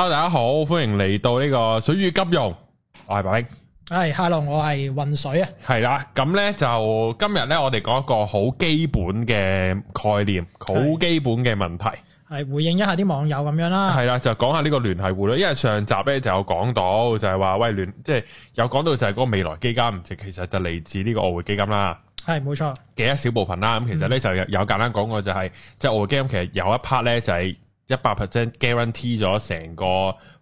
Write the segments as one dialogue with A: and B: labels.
A: 好，大家好，歡迎嚟到呢個水與金融。我係白兵。喂，
B: 喂，係，hello，我係渾水
A: 啊。係啦，咁咧就今日咧，我哋講一個好基本嘅概念，好基本嘅問題。
B: 係回應一下啲網友咁樣啦。
A: 係啦，就講下呢個聯繫匯率，因為上集咧就有講到，就係話喂聯，即係有講到就係嗰個未來基金，其實就嚟自呢個外匯基金啦。
B: 係，冇錯。
A: 嘅一小部分啦，咁其實咧就有有簡單講過，就係即係外匯基金，其實有一 part 咧就係。一百 percent guarantee 咗成個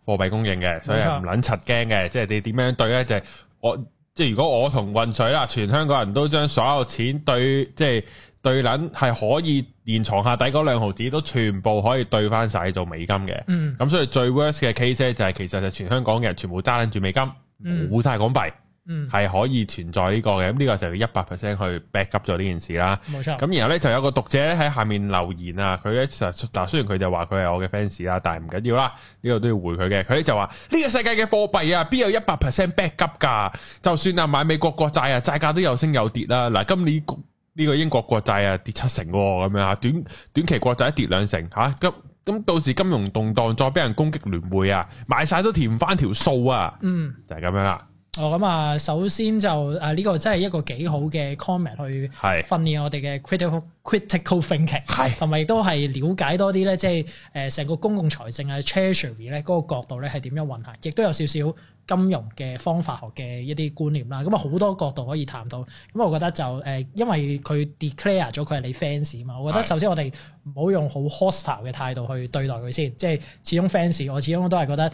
A: 貨幣供應嘅，冇錯。所以唔撚柒驚嘅。即係你點樣對呢？就係我即係如果我同渾水啦，全香港人都將所有錢兌即係兌撚係可以連床下底嗰兩毫子都全部可以兌翻晒做美金嘅。嗯，咁所以最 worst 嘅 case 呢就係其實就全香港嘅人全部揸撚住美金，冇晒，嗯，港幣。嗯，係可以存在呢個嘅，咁呢個就係一百 percent 去 back up 咗呢件事啦。冇錯。咁然後咧就有個讀者咧喺下面留言啊，佢咧就嗱，雖然佢就話佢係我嘅 fans 啦，但係唔緊要啦，呢個都要回佢嘅。佢咧就話呢個世界嘅貨幣啊，邊有一百 percent back up 噶？就算啊，買美國國債啊，債價都有升有跌啦。嗱，今年呢個英國國債啊，跌七成咁樣啊，短短期國債跌兩成吓。咁咁到時金融動盪再俾人攻擊聯匯啊，買晒都填唔翻條數啊。嗯，就係咁樣啦。
B: 哦，咁啊，首先就啊呢、這個真係一個幾好嘅 comment 去是訓練我哋嘅 critical critical thinking，同埋亦都係了解多啲咧，即係誒成個公共財政啊，treasury 咧嗰個角度咧係點樣運行，亦都有少少金融嘅方法學嘅一啲觀念啦，咁啊好多角度可以談到，咁我覺得就誒，因為佢 declare 咗佢係你 fans 嘛，我覺得首先我哋唔好用好 hostile 嘅態度去對待佢先，即係始終 fans，我始終都係覺得誒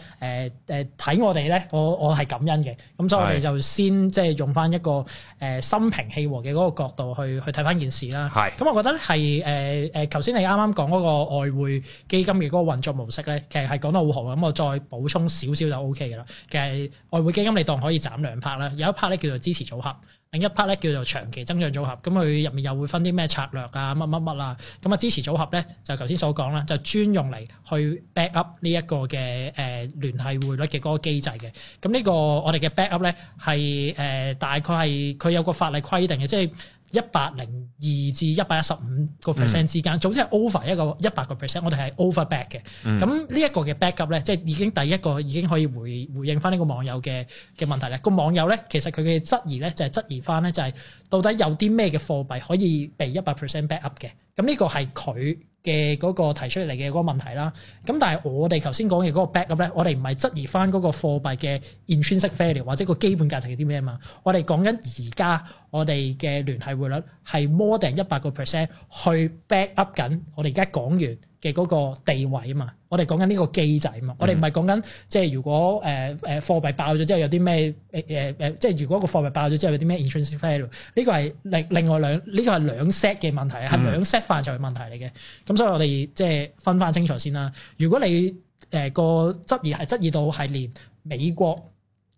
B: 誒睇我哋咧，我我係感恩嘅，咁所以我哋就先即係用翻一個誒、呃、心平氣和嘅嗰個角度去去睇翻件事啦。係是，咁我覺得咧係誒誒，頭、呃、先你啱啱講嗰個外匯基金嘅嗰個運作模式咧，其實係講得好好，咁我再補充少少就 O K 嘅啦，其實。外匯基金你當可以斬兩 part 啦，有一 part 咧叫做支持組合，另一 part 咧叫做長期增長組合。咁佢入面又會分啲咩策略啊，乜乜乜啊？咁啊支持組合咧就頭先所講啦，就專用嚟去 back up 呢一個嘅誒、呃、聯繫匯率嘅嗰個機制嘅。咁、這、呢個我哋嘅 back up 咧係誒大概係佢有個法例規定嘅，即係。一百零二至一百一十五個 percent 之間，嗯、總之係 over 一個一百個 percent，我哋係 over back 嘅。咁呢一個嘅 back up 咧，即係已經第一個已經可以回回應翻呢個網友嘅嘅問題咧。個網友咧，其實佢嘅質疑咧，就係、是、質疑翻咧，就係到底有啲咩嘅貨幣可以被一百 percent back up 嘅？咁呢個係佢嘅嗰個提出嚟嘅嗰個問題啦，咁但係我哋頭先講嘅嗰個 back up 咁咧，我哋唔係質疑翻嗰個貨幣嘅現穿式 failure 或者個基本價值係啲咩嘛，我哋講緊而家我哋嘅聯繫匯率係 more than 一百個 percent 去 back up 緊，我哋而家講完嘅嗰個地位啊嘛，我哋講緊呢個機制啊嘛，我哋唔係講緊即係如果誒誒、呃呃、貨幣爆咗之後有啲咩誒誒即係如果個貨幣爆咗之後有啲咩 interest 呢個係另另外兩呢、呢個係兩 set 嘅問題，係兩 set 範疇嘅問題嚟嘅。咁、嗯、所以我哋即係分翻清楚先啦。如果你誒個質疑係質疑到係連美國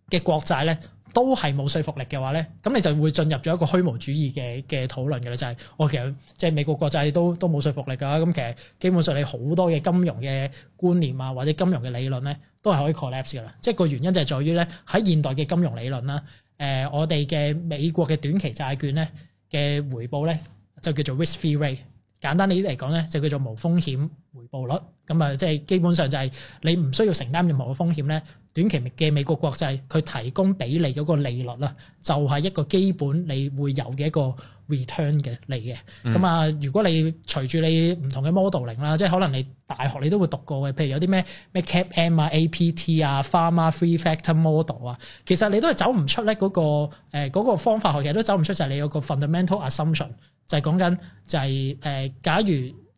B: 嘅國債咧，都係冇說服力嘅話咧，咁你就會進入咗一個虛無主義嘅嘅討論嘅啦。就係我其實即係美國國債都都冇說服力噶啦。咁其實基本上你好多嘅金融嘅觀念啊，或者金融嘅理論咧，都係可以 collapse 噶啦。即係個原因就係在於咧，喺現代嘅金融理論啦，誒，我哋嘅美國嘅短期債券咧嘅回報咧，就叫做 risk-free rate。簡單啲嚟講咧，就叫做無風險回報率。咁啊，即係基本上就係你唔需要承擔任何嘅風險咧。短期嘅美國國債，佢提供俾你嗰個利率啦，就係、是、一個基本你會有嘅一個 return 嘅嚟嘅。咁啊、嗯，如果你隨住你唔同嘅 modeling 啦，即係可能你大學你都會讀過嘅，譬如有啲咩咩 CAPM 啊、APT 啊、Fama three factor model 啊，其實你都係走唔出咧、那、嗰個誒、呃那個、方法學，其實都走唔出，就係你有個 fundamental assumption，就係講緊就係、是、誒、呃，假如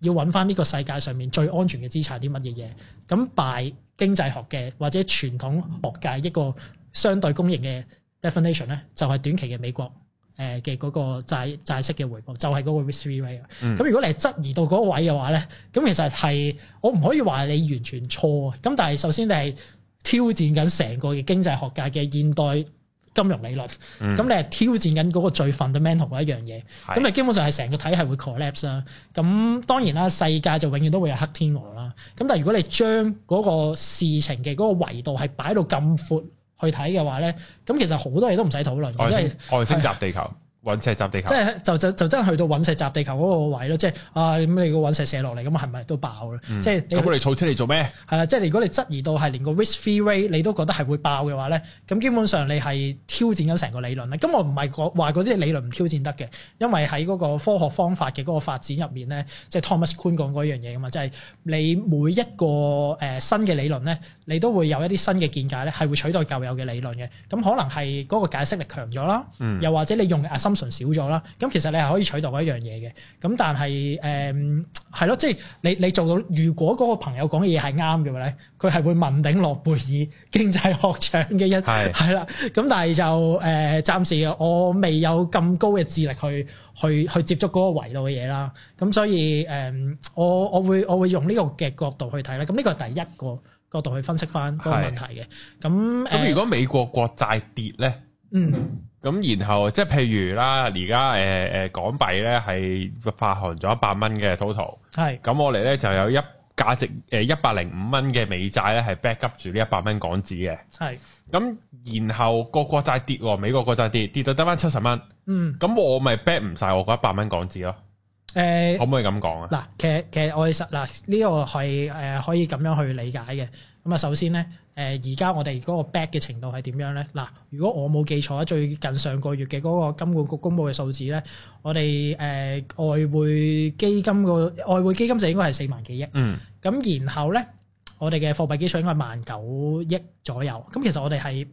B: 要揾翻呢個世界上面最安全嘅資產啲乜嘢嘢，咁 buy 經濟學嘅或者傳統學界一個相對公認嘅 definition 咧，就係短期嘅美國誒嘅嗰個債、債息嘅回報，就係、是、嗰個 risk-free rate 啦。咁、嗯、如果你係質疑到嗰位嘅話咧，咁其實係我唔可以話你完全錯啊。咁但係首先你係挑戰緊成個嘅經濟學界嘅現代金融理論，咁、嗯、你係挑戰緊嗰個最 fundamental 嗰一樣嘢，咁你是基本上係成個體係會 collapse 啦。咁當然啦，世界就永遠都會有黑天鵝啦。咁但係如果你將嗰個事情嘅嗰個維度係擺到咁闊去睇嘅話咧，咁其實好多嘢都唔使討論。外星、即係、外星襲
A: 地球。 隕石砸地
B: 球，即係就就就真係去到隕石砸地球嗰個位咯，即係啊咁你個隕石射落嚟，咁啊係咪都爆咧？嗯、即係，我攞嚟
A: 儲出嚟做咩？
B: 係啊你，即係如果你質疑到係連個 risk-free rate 你都覺得係會爆嘅話咧，咁基本上你係挑戰緊成個理論咧。咁我唔係講話嗰啲理論唔挑戰得嘅，因為喺嗰個科學方法嘅嗰個發展入面咧，即係 Thomas Kuhn、uh、講嗰樣嘢啊嘛，即、就、係、是、你每一個誒、呃、新嘅理論咧。你都會有一啲新嘅見解咧，係會取代舊有嘅理論嘅。咁可能係嗰個解釋力強咗啦，嗯、又或者你用嘅 assumption 少咗啦。咁其實你係可以取代一樣嘢嘅。咁但係誒，係、嗯、咯，即係你你做到。如果嗰個朋友講嘅嘢係啱嘅話咧，佢係會問鼎諾貝爾經濟學獎嘅一係啦。咁是 但係就誒，暫、呃、時我未有咁高嘅智力去去去，去接觸嗰個維度嘅嘢啦。咁所以誒、嗯，我我會我會用呢個嘅角度去睇咧。咁呢個係第一個。角度去分析返個問題嘅，咁咁如果美
A: 國國債跌咧，嗯，咁然後即係譬如啦，而家誒誒港幣咧係發行咗一百蚊嘅 total，係，咁的我嚟咧就有一價值誒一百零五蚊嘅美債咧係 back up 住呢一百蚊港紙嘅，係的，咁然後個國債跌，美國國債跌，跌到得返七十蚊，嗯，咁我咪 back 唔晒我嗰一百蚊港紙咯。誒可唔可以咁講啊？嗱，
B: 其實其實我實嗱呢個係誒可以咁樣去理解嘅。咁啊，首先咧，誒而家我哋嗰個 back 嘅程度係點樣咧？嗱，如果我冇記錯啊，最近上個月嘅嗰個金管局公布嘅數字咧，我哋誒外匯基金，個外匯基金就應該係四萬幾億。嗯。咁然後咧，我哋嘅貨幣基礎應該係萬九億左右。咁其實我哋係。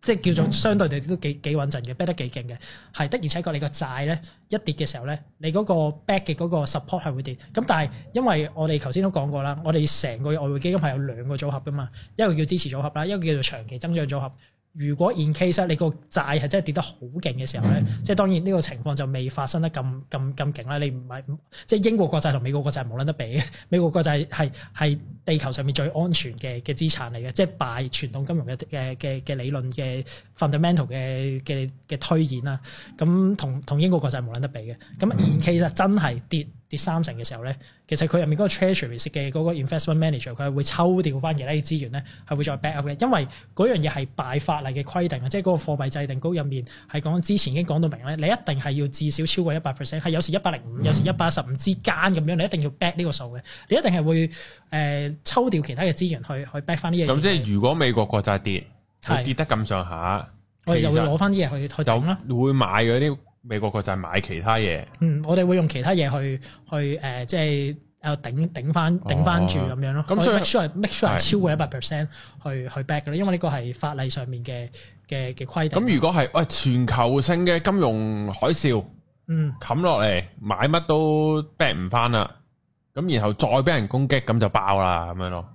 B: 即係叫做相對地都幾幾穩陣嘅，back 得幾勁嘅，係的，而且確你個債咧一跌嘅時候咧，你嗰個 back 嘅嗰個 support 係會跌。咁但係因為我哋頭先都講過啦，我哋成個外匯基金係有兩個組合噶嘛，一個叫支持組合啦，一個叫做長期增長組合。如果 in case 你個債係真係跌得好勁嘅時候咧，嗯、即係當然呢個情況就未發生得咁咁咁勁啦。你唔係即係英國國債同美國國債冇撚得比，美國國債係係。地球上面最安全嘅嘅資產嚟嘅，即係拜傳統金融嘅嘅嘅嘅理論嘅 fundamental 嘅嘅嘅推演啦。咁同同英國國債冇論得比嘅，咁而、嗯、其實真係跌跌三成嘅時候咧，其實佢入面嗰個 treasury 嘅嗰個 investment manager，佢係會抽調翻其他資源咧，係會再 back up 嘅。因為嗰樣嘢係拜法例嘅規定啊，即係嗰個貨幣制定局入面係講之前已經講到明咧，你一定係要至少超過一百 percent，係有時一百零五，有時一百十五之間咁樣，你一定要 back 呢個數嘅，你一定係會誒。呃抽掉其他嘅資源去去 back 翻啲嘢。咁即係
A: 如果美國國債跌，跌是得咁上下，我哋就會攞翻啲嘢去去頂咯。會買嗰啲美國國債，買其他嘢。嗯，
B: 我哋會用其他嘢去去誒，即係誒頂頂翻頂翻住咁樣咯。咁、哦、所以 make sure 係 make sure 係超過一百 percent 去去 back 嘅，是因為呢個係法例上面嘅嘅嘅規定。咁如果
A: 係喂、呃、全球性嘅金融海嘯，嗯，冚落嚟買乜都 back 唔翻啦。咁然後再俾人攻擊，咁就爆啦，咁樣咯。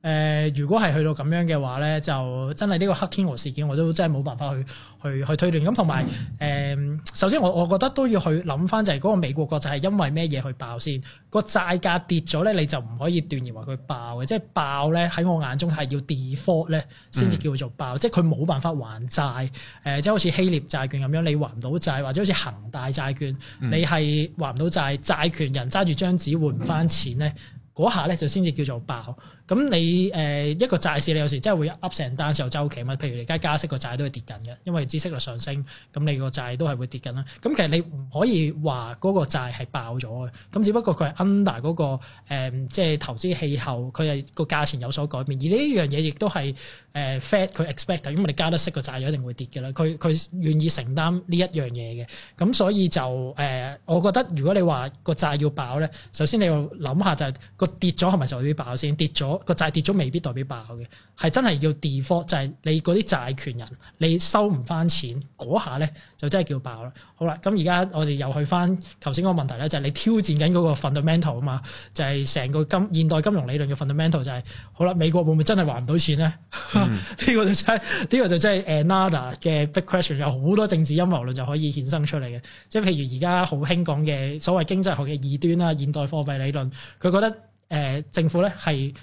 B: 誒、呃，如果係去到咁樣嘅話咧，就真係呢個黑天鵝事件，我都真係冇辦法去去去推斷。咁同埋誒，首先我我覺得都要去諗翻，就係嗰個美國國債係因為咩嘢去爆先？個債價跌咗咧，你就唔可以斷言話佢爆嘅。即係爆咧喺我眼中係要 default 咧，先至叫做爆。嗯、即係佢冇辦法還債，誒、呃，即係好似希臘債券咁樣，你還唔到債，或者好似恒大債券，你係還唔到債，債權人揸住張紙換唔翻錢咧，嗰下咧就先至叫做爆。咁你誒、呃、一個債市，你有時真係會 up 成單，時候周期嘛？譬如你而家加息個債都係跌緊嘅，因為利息率上升，咁你個債都係會跌緊啦。咁其實你唔可以話嗰個債係爆咗嘅，咁只不過佢係 under 嗰、嗰個、呃、即係投資氣候，佢係個價錢有所改變。而呢一樣嘢亦都係誒 Fed 佢 expect 因為你加得息個債，就一定會跌嘅啦。佢佢願意承擔呢一樣嘢嘅，咁所以就誒、呃，我覺得如果你話個債要爆咧，首先你要諗下就係個跌咗係咪就要爆先？跌咗。跌個債跌咗未必代表爆嘅，係真係要 default 就係你嗰啲債權人你收唔翻錢嗰下咧，就真係叫爆啦。好啦，咁而家我哋又去翻頭先嗰個問題咧，就係、是、你挑戰緊嗰個 fundamental 啊嘛，就係、是、成個金現代金融理論嘅 fundamental 就係、是，好啦，美國會唔會真係還唔到錢咧？呢、嗯、 個就真呢、呢個就真係 another 嘅 big question，有好多政治陰謀論就可以衍生出嚟嘅，即係譬如而家好興講嘅所謂經濟學嘅異端啦，現代貨幣理論，佢覺得誒、呃、政府咧係。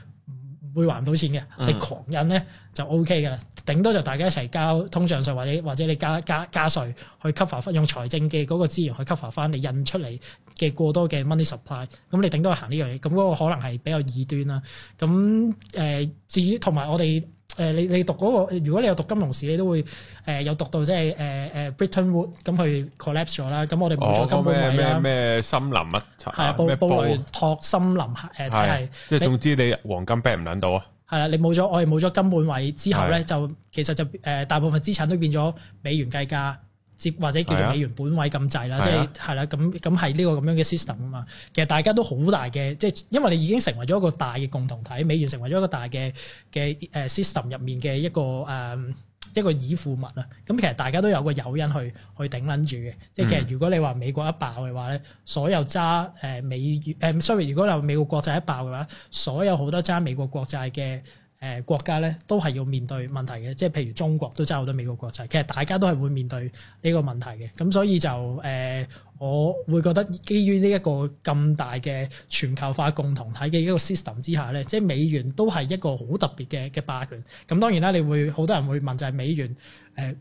B: 會還唔到錢嘅，你狂印咧就 O K 嘅啦，頂多就大家一齊交通脹稅，或者或者你加加加稅去 cover 翻，用財政嘅嗰個資源去 cover 翻你印出嚟嘅過多嘅 money supply，咁你頂多行呢樣嘢，咁嗰個可能係比較異端啦。咁誒、呃、至於同埋我哋。誒、呃、你你讀嗰、那個，如果你有讀金融史，你都會誒、呃、有讀到即係、呃、誒誒、呃、Britain Wood 咁去 collapse 咗啦。咁我哋冇咗金本位咩
A: 咩、哦、森林啊？係啊，布布雷
B: 托森林誒即即係總之
A: 你黃金 back 唔撚到
B: 啊！係啦，你冇咗我哋冇咗金本位之後咧，就其實就誒大部分資產都變咗美元計價。接或者叫做美元本位咁滯啦，啊、即係係啦，咁咁係呢個咁樣嘅 system 啊嘛。其實大家都好大嘅，即係因為你已經成為咗一個大嘅共同體，美元成為咗一個大嘅嘅誒 system 入面嘅一個誒、嗯、一個依附物啊。咁其實大家都有個誘因去去頂撚住嘅。即係其實如果你話美國一爆嘅話咧，嗯、所有揸誒、啊、美元、啊、sorry，如果你話美國國債一爆嘅話，所有好多揸美國國債嘅。誒、呃、國家咧都係要面對問題嘅，即係譬如中國都揸好多美國國債，其實大家都係會面對呢個問題嘅，咁所以就誒、呃，我會覺得基於呢一個咁大嘅全球化共同體嘅一個 system 之下咧，即係美元都係一個好特別嘅嘅霸權，咁當然啦，你會好多人會問就係美元誒。呃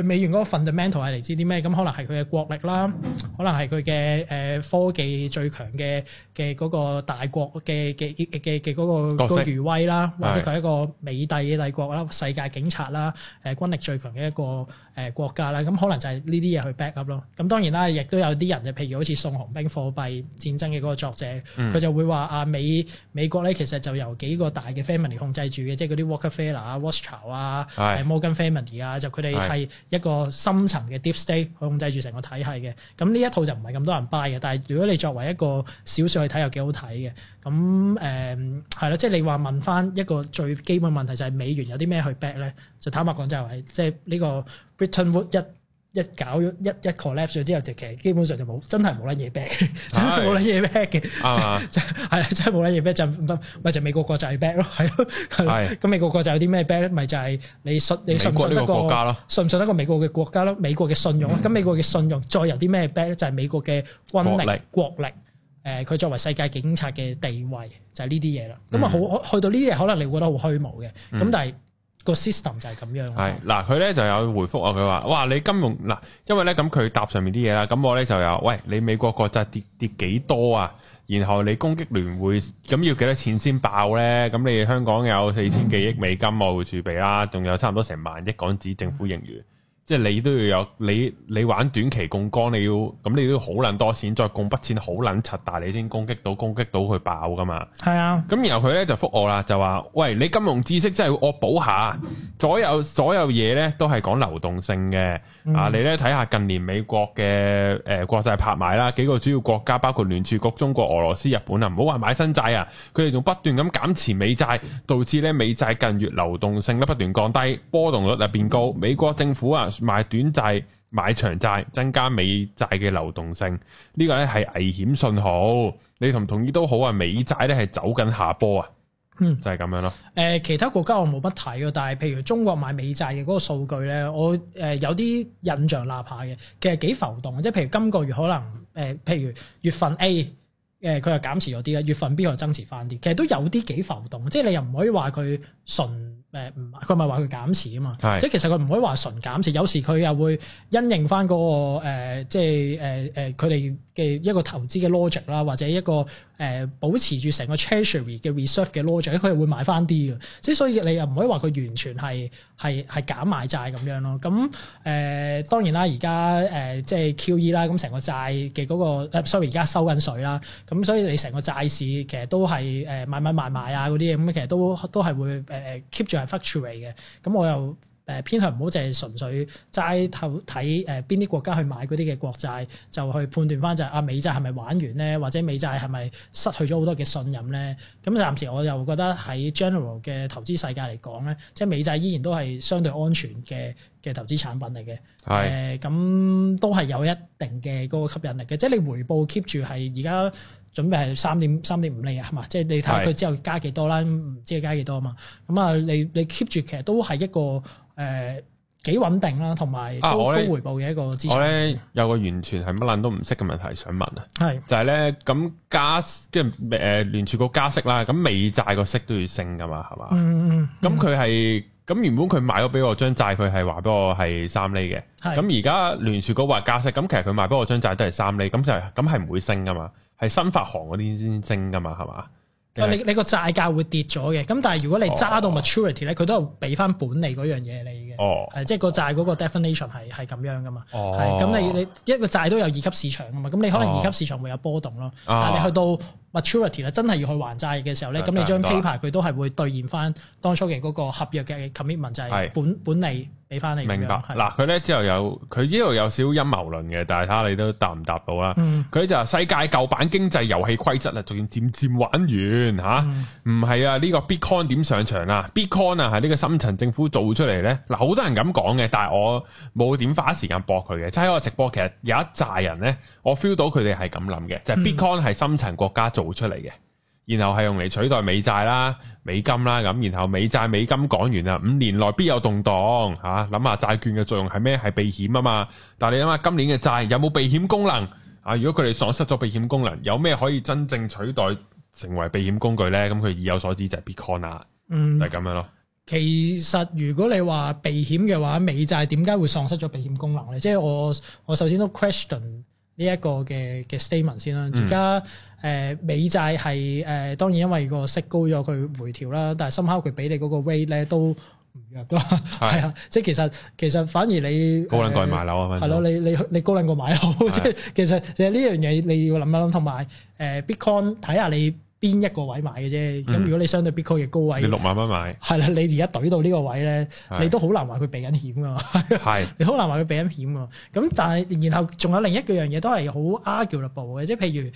B: 美元嗰個 fundamental 係嚟自啲咩？咁可能係佢嘅國力啦，可能係佢嘅誒科技最強嘅嘅嗰個大國嘅嘅嘅嘅嗰個餘威啦，式或者佢一個美帝帝國啦，世界警察啦，誒軍力最強嘅一個誒國家啦，咁可能就係呢啲嘢去 back up 咯。咁當然啦，亦都有啲人就譬如好似宋鴻兵貨幣戰爭嘅嗰個作者，佢就會話啊美美國咧其實就由幾個大嘅 family 控制住嘅，即係嗰啲 Rockefeller 啊、Rothschild 啊、Morgan family 啊，就佢哋係。一個深層嘅 deep state 控制住成個體系嘅，咁呢一套就唔係咁多人 buy 嘅。但係如果你作為一個小説去睇又幾好睇嘅。咁誒係啦，即係你話問返一個最基本問題就係美元有啲咩去 back 咧？就坦白講就係即係呢個 Bretton Woods 一。一搞咗一一 collapse 咗之後，就其實基本上就冇，真係冇得嘢 back。a 真係冇得嘢 back 嘅，就係真係冇得嘢 back。就咪就，就，就美國國債 back a 咯，係咯，係的。咁 美國國債有啲咩 back a 咧？咪就係、是、你，你信你信唔信，信得過，信唔信得過美國嘅國家咯？美國嘅信用咯？咁、嗯、美國嘅信用再有啲咩 back a 咧？就係、是、美國嘅軍力、國力，誒，佢、呃、作為世界警察嘅地位，就係呢啲嘢啦。咁啊、嗯，好去到呢啲嘢，可能你會覺得好虛無嘅，咁但係。個 system
A: 就係咁樣、啊。係嗱，佢咧就有回覆啊。佢話：哇，你金融嗱，因為咧咁佢答上面啲嘢啦。咁我咧就有喂，你美國國債跌，跌跌幾多啊？然後你攻擊聯匯，咁要幾多錢先爆咧？咁你香港有四千幾億美金外匯、嗯、儲備啦、啊，仲有差唔多成萬億港紙政府盈餘。嗯即係你都要有你你玩短期槓桿，你要咁你都要好捻多錢，再供筆錢好捻柒，但你先攻擊到攻擊到佢爆噶嘛？係啊！咁然後佢呢就覆我啦，就話：，喂，你金融知識真係要惡補下，所有所有嘢呢都係講流動性嘅。嗯、啊，你呢睇下近年美國嘅誒、呃、國債拍賣啦，幾個主要國家包括聯儲局、中國、俄羅斯、日本啊，唔好話買新債啊，佢哋仲不斷咁減持美債，導致呢美債近月流動性呢不斷降低，波動率啊變高。美國政府啊！買短債、買長債，增加美債嘅流動性，呢個咧係危險信號。你同唔同意都好啊？美債咧係走緊下坡啊，嗯、就係咁樣咯。
B: 誒、呃，其他國家我冇乜睇嘅，但係譬如中國買美債嘅嗰個數據咧，我誒、呃、有啲印象立下嘅，其實幾浮動。即係譬如今個月可能誒、呃，譬如月份 A 誒佢又減持咗啲啦，月份 B 又增持翻,啲，其實都有啲幾浮動。即係你又唔可以話佢純。誒唔，佢咪話佢減持啊嘛？是即係其實佢唔可以話純減持，有時佢又會因應翻、那個誒、呃、即係誒誒佢哋嘅一個投資嘅 logic 啦，或者一個誒、呃、保持住成個 Treasury 嘅 reserve 嘅 logic，佢又會買翻啲嘅。之所以你又唔可以話佢完全係系係減買債咁樣咯。咁誒、呃、當然啦，而家誒即係 QE 啦，咁成個債嘅嗰個 sorry，而家收緊水啦。咁所以你成個債市其實都係誒買買賣賣啊嗰啲嘢，咁其實都都係會誒誒 keep 住。factory 嘅，咁、 嗯、我又誒、呃、偏向唔好淨係純粹齋睇睇誒邊啲國家去買嗰啲嘅國債，就去判斷翻就係、是、啊美債係咪玩完咧，或者美債係咪失去咗好多嘅信任咧？咁、嗯、暫時我又覺得喺 general 嘅投資世界嚟講咧，即係美債依然都係相對安全嘅嘅投資產品嚟嘅。係是，咁、呃、都係有一定嘅嗰個吸引力嘅，即係你回報 keep 住係而家。準備係三點三點五厘啊，係嘛？即係你睇下佢之後加幾多啦，唔是知加幾多啊嘛。咁啊，你你 keep 住其實都係一個誒幾、呃、穩定啦，同埋高、啊、高回報嘅一個資產。我
A: 咧有個完全係乜撚都唔識嘅問題想問啊，係是就係咧咁加即係誒、呃、聯儲局加息啦，咁美債個息都要升噶嘛，係嘛？咁佢係咁原本佢買咗俾我張債我，佢係話俾我係三厘嘅。咁而家聯儲局話加息，咁其實佢賣俾我張債都係三厘，咁就係咁係唔會升噶嘛。係新發行嗰啲先升噶嘛，係嘛？啊，你
B: 你個債價會跌咗嘅，咁但係如果你揸到 maturity 咧，佢都係俾翻本嚟嗰樣嘢你
A: 嘅，
B: 哦，係即係個債嗰個 definition 係係咁樣噶嘛，哦，
A: 係咁你你
B: 一個債都有二級市場噶嘛，咁你可能二級市場會有波動咯，啊、哦，但你去到。maturity 咧真係要去還債嘅時候咧，咁你張 paper 佢都係會兌現翻當初嘅嗰個合約嘅 commitment 就係本是本利俾翻你。明白。嗱
A: 佢咧之後有佢呢度有少少陰謀論嘅，但係睇下你都答唔答到啦。佢、嗯、就話世界舊版經濟遊戲規則啊，仲漸漸玩完嚇。唔係啊，呢、嗯啊呢個 Bitcoin 點上場啊？Bitcoin 啊，係、這、呢個深層政府做出嚟咧。嗱，好多人咁講嘅，但係我冇點花時間駁佢嘅。即係喺我直播，其實有一紮人咧，我 feel 到佢哋係咁諗嘅，就係 Bitcoin 係深層國家做。做出嚟嘅，然後係用嚟取代美債啦、美金啦咁，然後美債、美金講完啊，五年內必有動盪吓，諗、啊、下債券嘅作用係咩？係避險啊嘛。但係你諗下今年嘅債有冇避險功能啊？如果佢哋喪失咗避險功能，有咩可以真正取代成為避險工具呢？咁佢意有所指就，嗯、就係 Bitcoin 啊，就係咁樣咯。
B: 其實如果你話避險嘅話，美債點解會喪失咗避險功能呢？即係我我首先都 question。呢一個嘅嘅 statement 先啦，而家誒美債係誒當然因為個息高咗，佢回調啦，但係深刻佢俾你嗰個 rate 咧都唔弱咯，係啊的， 即係其實其實反而你高兩個買樓係咪？係咯，你你你高兩個買樓，即係其實其實呢樣嘢你要諗一諗，同埋誒 Bitcoin 睇下你。邊一個位買嘅啫？咁、嗯、如果你相對 Bitcoin 嘅高位，你六
A: 萬蚊買，係啦，
B: 你而家懟到呢個位咧，的你都好難話佢避緊險㗎嘛。
A: 的
B: 你好難話佢避緊險㗎。咁但係，然後仲有另一樣嘢都係好 arguable 嘅，即係譬如，誒、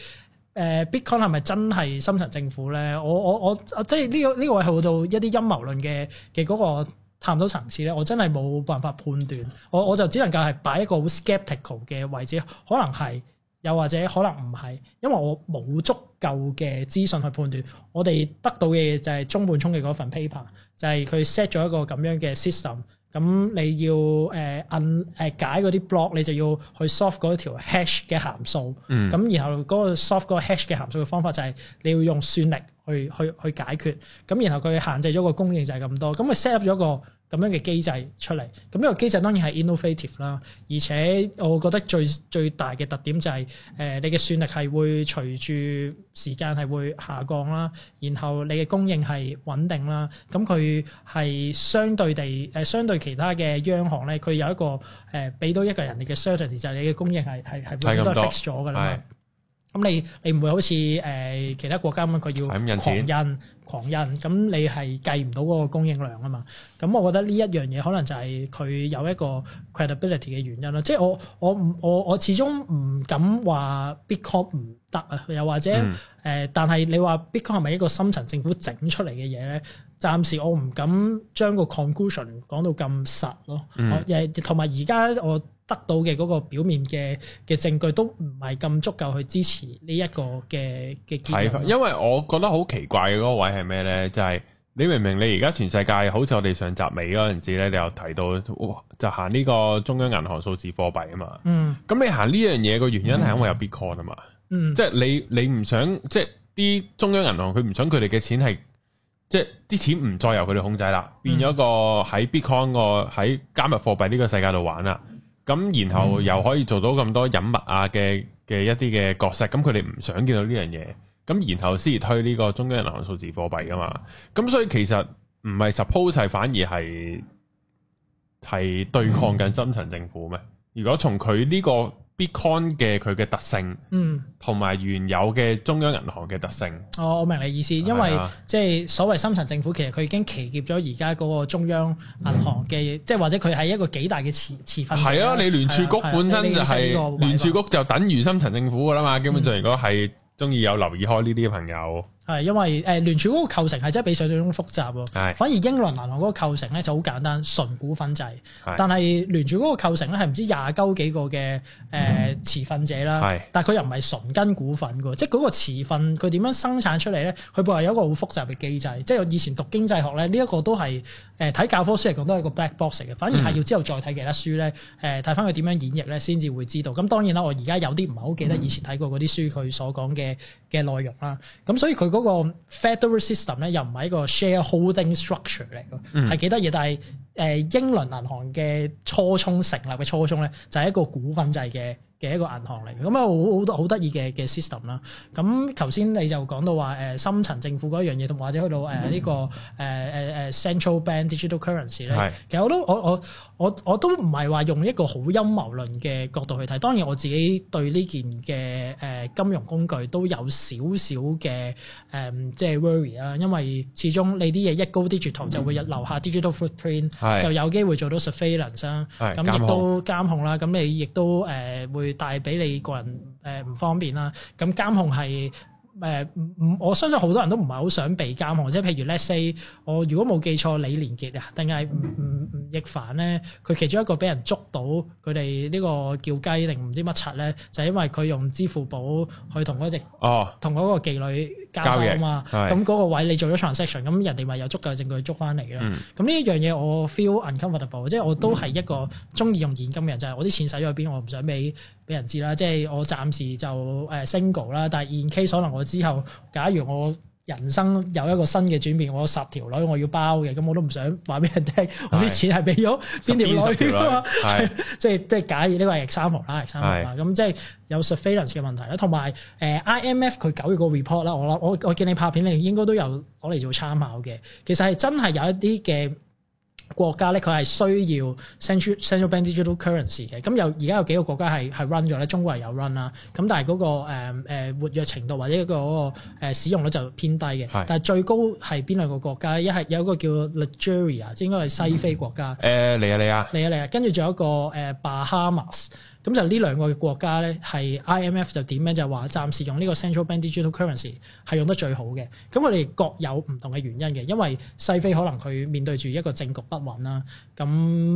B: 呃、Bitcoin 係咪真係深層政府咧？我我我，即係呢、這個呢、這個位去到一啲陰謀論嘅嘅嗰個探討層次咧，我真係冇辦法判斷。我我就只能夠係擺一個好 skeptical 嘅位置，可能係，又或者可能唔係，因為我冇足。舊嘅資訊去判斷，我哋得到嘅嘢就係中本聰嘅嗰份 paper，就係佢 set 咗一個咁樣嘅 system。咁你要誒按誒解嗰啲 block，你就要去 solve 嗰條 hash 嘅函數。嗯。咁然後嗰個 solve 個 hash 嘅函數嘅方法就係你要用算力去去去解決。咁然後佢限制咗個供應就係咁多。咁佢 set 咗一個。咁樣嘅機制出嚟，咁呢個機制當然係 innovative 啦，而且我覺得最最大嘅特點就係、是，誒、呃、你嘅算力係會隨住時間係會下降啦，然後你嘅供應係穩定啦，咁佢係相對地誒、呃、相對其他嘅央行咧，佢有一個誒俾到一個人哋嘅 certainty，就係、是、你嘅供應係係係永遠都 fix 咗㗎啦。的咁、嗯、你你唔會好似誒其他國家咁，佢要狂印、嗯、狂印，咁你係計唔到嗰個供應量啊嘛？咁我覺得呢一樣嘢可能就係佢有一個 credibility 嘅原因咯。即係我我我我始終唔敢話 Bitcoin 唔得啊。又或者誒、嗯呃，但係你話 Bitcoin 係咪一個深層政府整出嚟嘅嘢咧？暫時我唔敢將個 conclusion 講到咁實咯。誒，同埋而家我得到嘅嗰個表面嘅嘅證據都唔係咁足夠去支持呢一個嘅
A: 嘅結論。因為我覺得好奇怪嘅嗰位係咩咧？就係、係、你明明你而家全世界好似我哋上集尾嗰陣時咧，你又提到就行呢個中央銀行數字貨幣啊嘛。嗯。咁你行呢樣嘢嘅原因係因為有 Bitcoin 啊嘛。嗯。即係你你唔想即係啲中央銀行佢唔想佢哋嘅錢係即係啲錢唔再由佢哋控制啦，變咗個喺 Bitcoin 個喺加密貨幣呢個世界度玩啦。咁然後又可以做到咁多隱密啊嘅嘅一啲嘅角色，咁佢哋唔想見到呢樣嘢，咁然後先至推呢個中央銀行數字貨幣噶嘛，咁所以其實唔係 suppose 係，反而係係對抗緊深層政府咩？ 如果從佢呢、呢個 Bitcoin 嘅佢嘅特性，嗯，同埋原有嘅中央銀行嘅特性。
B: 哦，我明你意思，啊、因為即係所謂深層政府，其實佢已經騎劫咗而家嗰個中央銀行嘅，即係、嗯、或者佢係一個幾大嘅持持份者。係啊，你聯儲局本身就係
A: 聯儲局就等於深層政府㗎啦嘛，基本上如果係鍾意有留意開呢啲嘅朋友。嗯嗯
B: 係因為誒、呃、聯儲嗰個構成係真係比想像中複雜喎，是反而英倫銀行嗰個構成咧就好簡單，純股份制。是但係聯儲嗰個構成咧係唔知廿鳩幾個嘅誒、呃、持份者啦，嗯、但係佢又唔係純根股份喎，即係嗰個持份佢點樣生產出嚟咧？佢部係有一個好複雜嘅機制，即係我以前讀經濟學咧，呢、這、一個都係誒睇教科書嚟講都係一個 black box 嘅，反而係要之後再睇其、呃、他書咧誒睇翻佢點樣演繹咧先至會知道。咁、嗯、當然啦，我而家有啲唔係好記得以前睇過嗰啲書佢所講嘅嘅內容啦，咁所以佢、那個嗰個 federal system 咧又唔係一個 shareholding structure 嚟嘅，係幾得意。但係誒英倫銀行嘅初衷成立嘅初衷咧，就係一個股份制嘅。嘅一個銀行嚟嘅，咁啊好好多好得意嘅嘅 system 啦。咁頭先你就講到話誒深層政府樣嘢同或者去到誒呢個誒誒誒 central bank digital currency 咧。係。其實我都我我我我都唔係話用一個好陰謀論嘅角度去睇。當然我自己對呢件嘅誒金融工具都有少少嘅誒即係 worry 啦。因為始終你啲嘢一 go digital、嗯、就會留下 digital footprint，係。就有機會做到 surveillance 啦的。係。咁亦控都監控啦。咁你亦都誒、呃、會。但係俾你個人誒唔方便啦，咁監控係誒，我相信好多人都唔係好想被監控，即係譬如 let's say 我如果冇記錯，李連杰啊，定係唔唔唔，亦凡咧，佢其中一個俾人捉到，佢哋呢個叫雞定唔知乜柒咧，就係因為佢用支付寶去同嗰隻哦，同嗰個妓女交易嘛，咁嗰嗎的個位你做咗 transaction，咁人哋咪有足夠證據捉翻嚟咯。咁呢一樣嘢我 feel uncomfortable，即係我都係一個中意用現金嘅人，嗯、就係我啲錢使咗去邊，我唔想俾俾人知啦。即係我暫時就誒 single 啦，但係 in case 可能我之後，假如我。人生有一個新嘅轉變，我有十條女我要包嘅，咁我都唔想話俾人聽，我啲錢係俾咗邊條女㗎嘛？即係即係假如呢個 example 啦，example 啦，咁即係有 surveillance 嘅問題啦，同埋誒 IMF 佢九月個 report 啦，我我我見你拍片，你應該都有攞嚟做參考嘅，其實係真係有一啲嘅。國家咧佢係需要 Central Central Bank Digital Currency 嘅，咁有而家有幾個國家係係 run 咗咧，中國係有 run 啦，咁但係嗰個誒活躍程度或者一個誒使用率就偏低嘅，是但係最高係邊兩個國家？一係有一個叫 Liberia 即係應該係西非國家。
A: 誒嚟啊嚟啊
B: 嚟啊嚟啊！跟住仲有一個誒巴哈馬斯。咁就呢兩個國家咧，係 IMF 就點咧？就話暫時用呢個 Central Bank Digital Currency 係用得最好嘅。咁佢哋各有唔同嘅原因嘅，因為西非可能佢面對住一個政局不穩啦。咁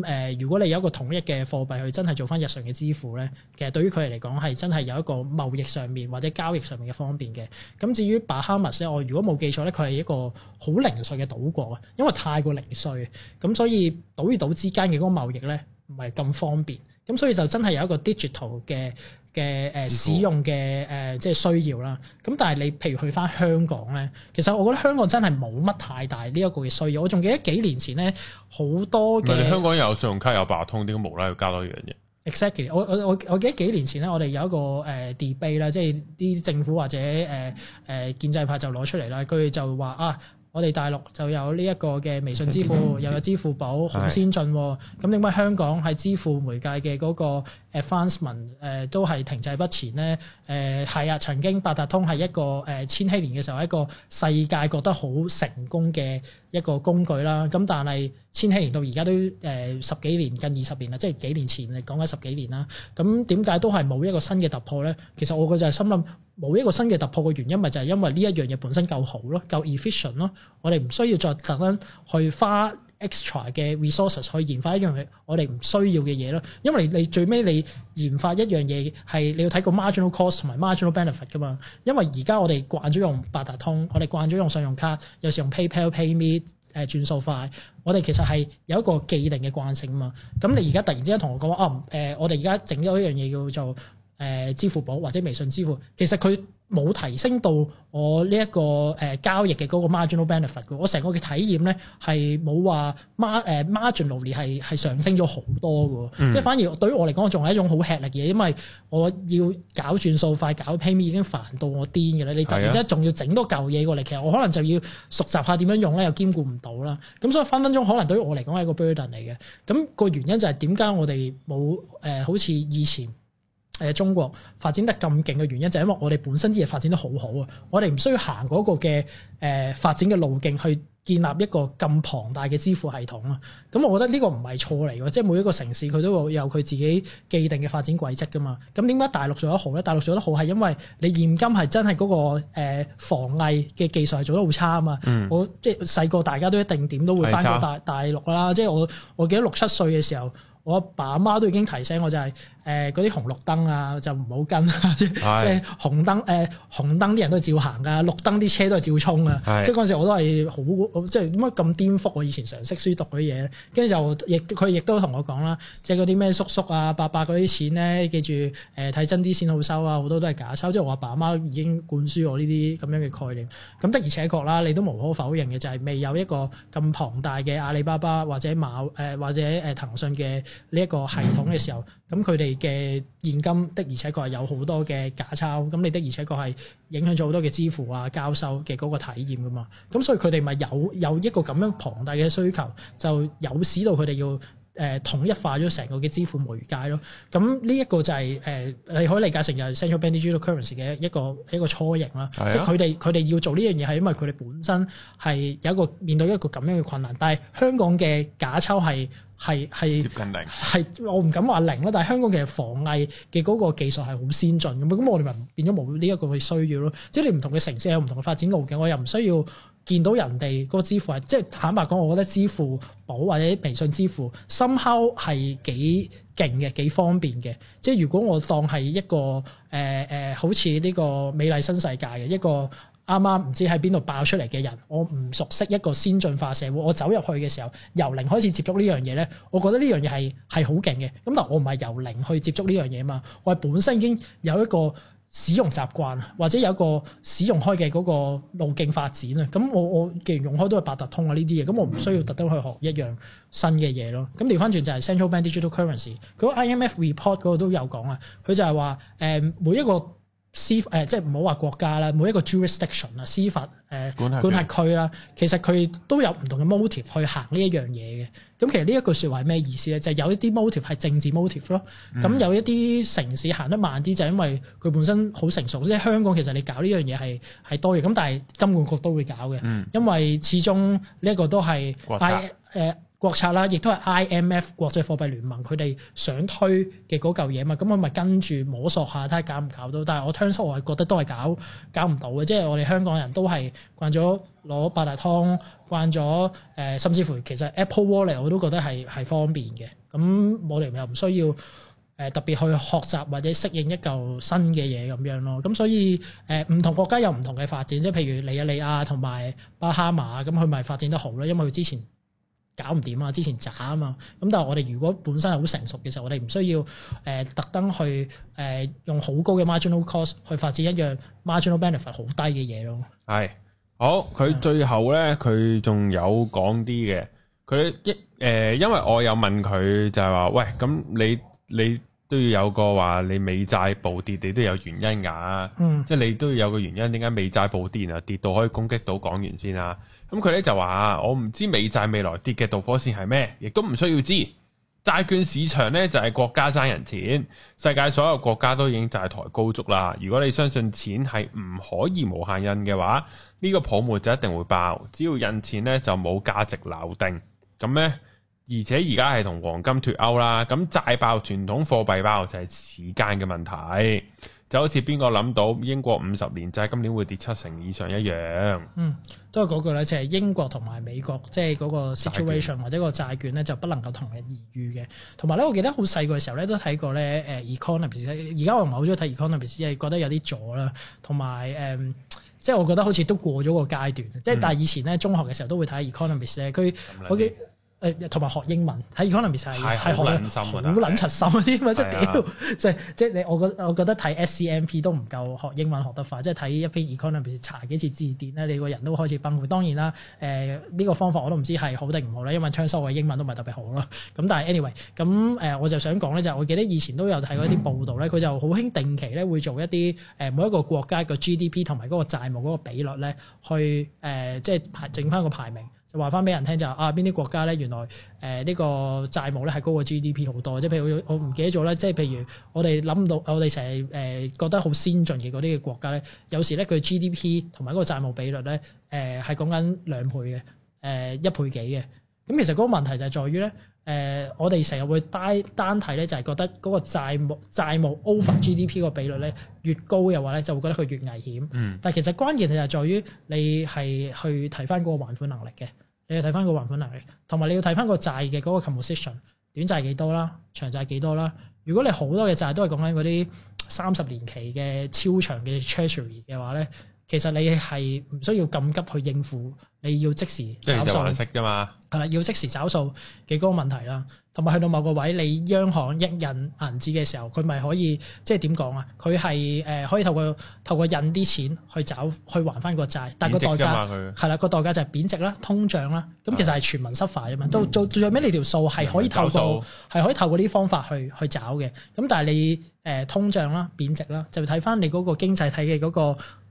B: 誒、呃，如果你有一個統一嘅貨幣去真係做翻日常嘅支付咧，其實對於佢哋嚟講係真係有一個貿易上面或者交易上面嘅方便嘅。咁至於巴哈馬咧，我如果冇記錯咧，佢係一個好零碎嘅島國啊，因為太過零碎。咁所以島與島之間嘅嗰個貿易咧唔係咁方便。咁所以就真係有一個 digital 嘅嘅誒使用嘅誒即係需要啦。咁但係你譬如去返香港咧，其實我覺得香港真係冇乜太大呢一個嘅需要。我仲記得幾年前咧，好多嘅香
A: 港有信用卡、有八通，點解無啦啦要加多呢樣嘢
B: ？Exactly，我我我我記得幾年前咧，我哋有一個誒 debate 啦，即係啲政府或者誒誒建制派就攞出嚟啦，佢就話啊。我哋大陸就有呢一個嘅微信支付，嗯、又有支付寶，好先進、啊。咁點解香港喺支付媒介嘅嗰、嗰個 Advancement、呃、都係停滯不前咧，誒係啊，曾經八達通係一個誒、呃、千禧年嘅時候一個世界覺得好成功嘅一個工具啦。咁但係千禧年到而家都誒、呃、十幾年近二十年啦，即係幾年前嚟講緊十幾年啦。咁點解都係冇一個新嘅突破咧？其實我嘅就係心諗冇一個新嘅突破嘅原因咪就係因為呢一樣嘢本身夠好咯，夠 efficient 咯，我哋唔需要再特登去花。extra 嘅 resources 去研發一樣嘢，我哋唔需要嘅嘢咯。因為你最尾你研發一樣嘢係你要睇個 marginal cost 同埋 marginal benefit 噶嘛。因為而家我哋慣咗用八達通，我哋慣咗用信用卡，有時用 PayPal PayMe 誒、呃、轉數快。我哋其實係有一個既定嘅慣性啊嘛。咁你而家突然之間同我講啊誒、呃，我哋而家整咗一樣嘢叫做誒、呃、支付寶或者微信支付，其實佢。冇提升到我呢一個誒交易嘅嗰個 marginal benefit 嘅，我成個嘅體驗咧係冇話 mar 誒 marginal 攞嚟係係上升咗好多嘅，即係、嗯、反而對於我嚟講，仲係一種好吃力嘢，因為我要搞轉數快搞 pay me 已經煩到我癲嘅咧，你突然之間仲要整多嚿嘢過嚟，其實我可能就要熟習下點樣用咧，又兼顧唔到啦，咁所以分分鐘可能對於我嚟講係一個 burden 嚟嘅，咁、個原因就係點解我哋冇誒好似以前。誒中國發展得咁勁嘅原因就係、是、因為我哋本身啲嘢發展得好好啊，我哋唔需要行嗰個嘅誒發展嘅路徑去建立一個咁龐大嘅支付系統啊。咁我覺得呢個唔係錯嚟㗎，即係每一個城市佢都會有佢自己既定嘅發展軌跡㗎嘛。咁點解大陸做得好咧？大陸做得好係因為你現今係真係嗰個誒防偽嘅技術係做得好差啊嘛。嗯、我即係細個大家都一定點都會返到大大陸啦。即係我我記得六七歲嘅時候，我阿爸阿媽都已經提醒我就係、是。誒，嗰啲、呃、紅綠燈啊，就唔好跟，即係是 紅燈，誒、呃、紅燈啲人都係照行噶綠燈啲車都係照衝啊是。即係嗰陣時，我都係好，即係點解咁顛覆我以前常識書讀啲嘢？跟住就亦，佢亦都同我講啦，即係嗰啲咩叔叔啊、伯伯嗰啲錢咧，記住誒睇、呃、真啲先好收啊，好多都係假鈔。即係我阿爸阿媽已經灌輸我呢啲咁樣嘅概念，咁的而且確啦，你都無可否認嘅就係、是、未有一個咁龐大嘅阿里巴巴或者馬誒、呃、或者誒騰訊嘅呢一個系統嘅時候。嗯咁佢哋嘅現金的，而且確係有好多嘅假鈔。咁你的而且確係影響咗好多嘅支付啊、交收嘅嗰個體驗噶嘛。咁所以佢哋咪有有一個咁樣龐大嘅需求，就有使到佢哋要誒、呃、統一化咗成個嘅支付媒介咯。咁呢一個就係、是、誒、呃、你可以理解成就 central bank digital currency 嘅一個一個雛形啦。啊、即係佢哋佢哋要做呢樣嘢係因為佢哋本身係有一個面對一個咁樣嘅困難，但係香港嘅假鈔係，係係，接近零，係我唔敢話零啦，但係香港其實防偽嘅嗰個技術係好先進咁，咁我哋咪變咗冇呢一個嘅需要咯。即係你唔同嘅城市有唔同嘅發展路徑，我又唔需要見到人哋嗰個支付，即係坦白講，我覺得支付寶或者微信支付，somehow 係幾勁嘅，幾方便嘅。即係如果我當係一個誒誒、呃呃，好似呢個美麗新世界嘅一個。啱啱唔知喺邊度爆出嚟嘅人，我唔熟悉一個先進化社會，我走入去嘅時候，由零開始接觸呢樣嘢呢，我覺得呢樣嘢係係好勁嘅。咁嗱，但我唔係由零去接觸呢樣嘢嘛，我係本身已經有一個使用習慣，或者有一個使用開嘅嗰個路徑發展啊。咁我我既然用開都係八達通啊呢啲嘢，咁我唔需要特登去學一樣新嘅嘢咯。咁調翻轉就係 Central Bank Digital Currency，嗰個 IMF report 嗰個都有講啊，佢就係話誒每一個。司法、呃、即係唔好話國家啦，每一個 jurisdiction 啊，司法誒、呃、管轄區啦，其實佢都有唔同嘅 motive 去行呢一樣嘢嘅。咁其實呢一句說話係咩意思咧？就係、是、有一啲 motive 係政治 motive 咯。咁有一啲城市行得慢啲，就因為佢本身好成熟。即係香港其實你搞呢樣嘢係係多嘅。咁但係金管局都會搞嘅，嗯、因為始終呢一個都係誒策。By, 呃國策啦，亦都係 IMF 國際貨幣聯盟佢哋想推嘅嗰嚿嘢嘛，咁我咪跟住摸索下，睇下搞唔搞到。但係我聽咗，我係覺得都係搞，搞唔到嘅。即係我哋香港人都係慣咗攞八達通，慣咗誒，甚至乎其實 Apple Wallet 我都覺得係係方便嘅。咁我哋又唔需要誒特別去學習或者適應一嚿新嘅嘢咁樣咯。咁所以誒，唔、呃、同國家有唔同嘅發展，即係譬如尼日利亞利亞同埋巴哈馬咁，佢咪發展得好咯。因為佢之前搞唔掂啊！之前渣啊嘛，咁但係我哋如果本身係好成熟嘅時候，我哋唔需要誒、呃、特登去誒、呃、用好高嘅 marginal cost 去發展一樣 marginal benefit 好低嘅嘢咯。
A: 係，好，佢最後咧，佢仲有講啲嘅，佢一誒，因為我有問佢就係、是、話，喂，咁你你。你都要有個話，你美債暴跌，你都有原因㗎。嗯，即係你都要有個原因，點解美債暴跌啊？跌到可以攻擊到港元先啦。咁、嗯、佢呢就話：我唔知美債未來跌嘅導火線係咩，亦都唔需要知。債券市場呢就係、是、國家爭人錢，世界所有國家都已經債台高築啦。如果你相信錢係唔可以無限印嘅話，呢、這個泡沫就一定會爆。只要印錢呢，就冇價值樓定咁呢。而且而家係同黃金脫歐啦，咁債爆傳統貨幣爆就係時間嘅問題，就好似邊個諗到英國五十年債今年會跌七成以上一樣。嗯，
B: 都係嗰句咧，就係、是、英國同埋美國即係嗰個 situation 券或者個債券咧就不能夠同日而語嘅。同埋咧，我記得好細個嘅時候咧都睇過咧，誒、呃、economics 而家我唔係好中意睇 economics，係覺得有啲阻啦。同埋誒，即、呃、係、就是、我覺得好似都過咗個階段。即係、嗯、但係以前咧中學嘅時候都會睇 economics 咧、嗯，佢我嘅。誒同埋學英文睇 economic 係係學得好撚出心嗰啲嘛， 真係屌！即係即係你我覺我覺得睇 S C M P 都唔夠學英文學得快，即係睇一篇 economic 查幾次字典咧，你個人都開始崩潰。當然啦，誒、呃、呢、這個方法我都唔知係好定唔好咧，因為昌叔嘅英文都唔係特別好咯。咁但係 anyway，咁誒、呃、我就想講咧，就是、我記得以前都有睇過一啲報道咧，佢、嗯、就好興定期咧會做一啲誒、呃、每一個國家嘅 G D P 同埋嗰個債務嗰個比率咧，去誒即係排整返個排名。就話翻俾人聽就係、啊邊啲國家咧原來誒呢、呃這個債務咧係高過 GDP 好多，即係譬,譬如我唔記得咗咧，即係譬如我哋諗到我哋成日誒覺得好先進嘅嗰啲嘅國家咧，有時咧佢 GDP 同埋嗰個債務比率咧誒係講緊兩倍嘅誒、呃、一倍幾嘅，咁其實嗰個問題就係在於咧。誒、呃，我哋成日會單單睇咧，就係覺得嗰個債務債務 over GDP 個比率咧越高嘅話咧，就會覺得佢越危險。嗯，但係其實關鍵就係在於你係去睇翻嗰個還款能力嘅，你要睇翻個還款能力，同埋你要睇翻個債嘅嗰個 composition，短債幾多啦，長債幾多啦。如果你好多嘅債都係講緊嗰啲三十年期嘅超長嘅 treasury 嘅話咧。其實你係唔需要咁急去應付，你要即時找數。即係就還息啫嘛。係啦，要即時找數嘅嗰個問題啦。同埋去到某個位，你央行一印銀紙嘅時候，佢咪可以即係點講啊？佢係誒可以透過透過印啲錢去找去還翻個債，但係個代價係啦，個代價就係貶值啦、通脹啦。咁其實係全民失敗啊嘛。都做最最尾，你條數係可以透過係、嗯、可以透過啲方法去去找嘅。咁但係你誒通脹啦、貶值啦，就睇翻你嗰個經濟體嘅嗰個。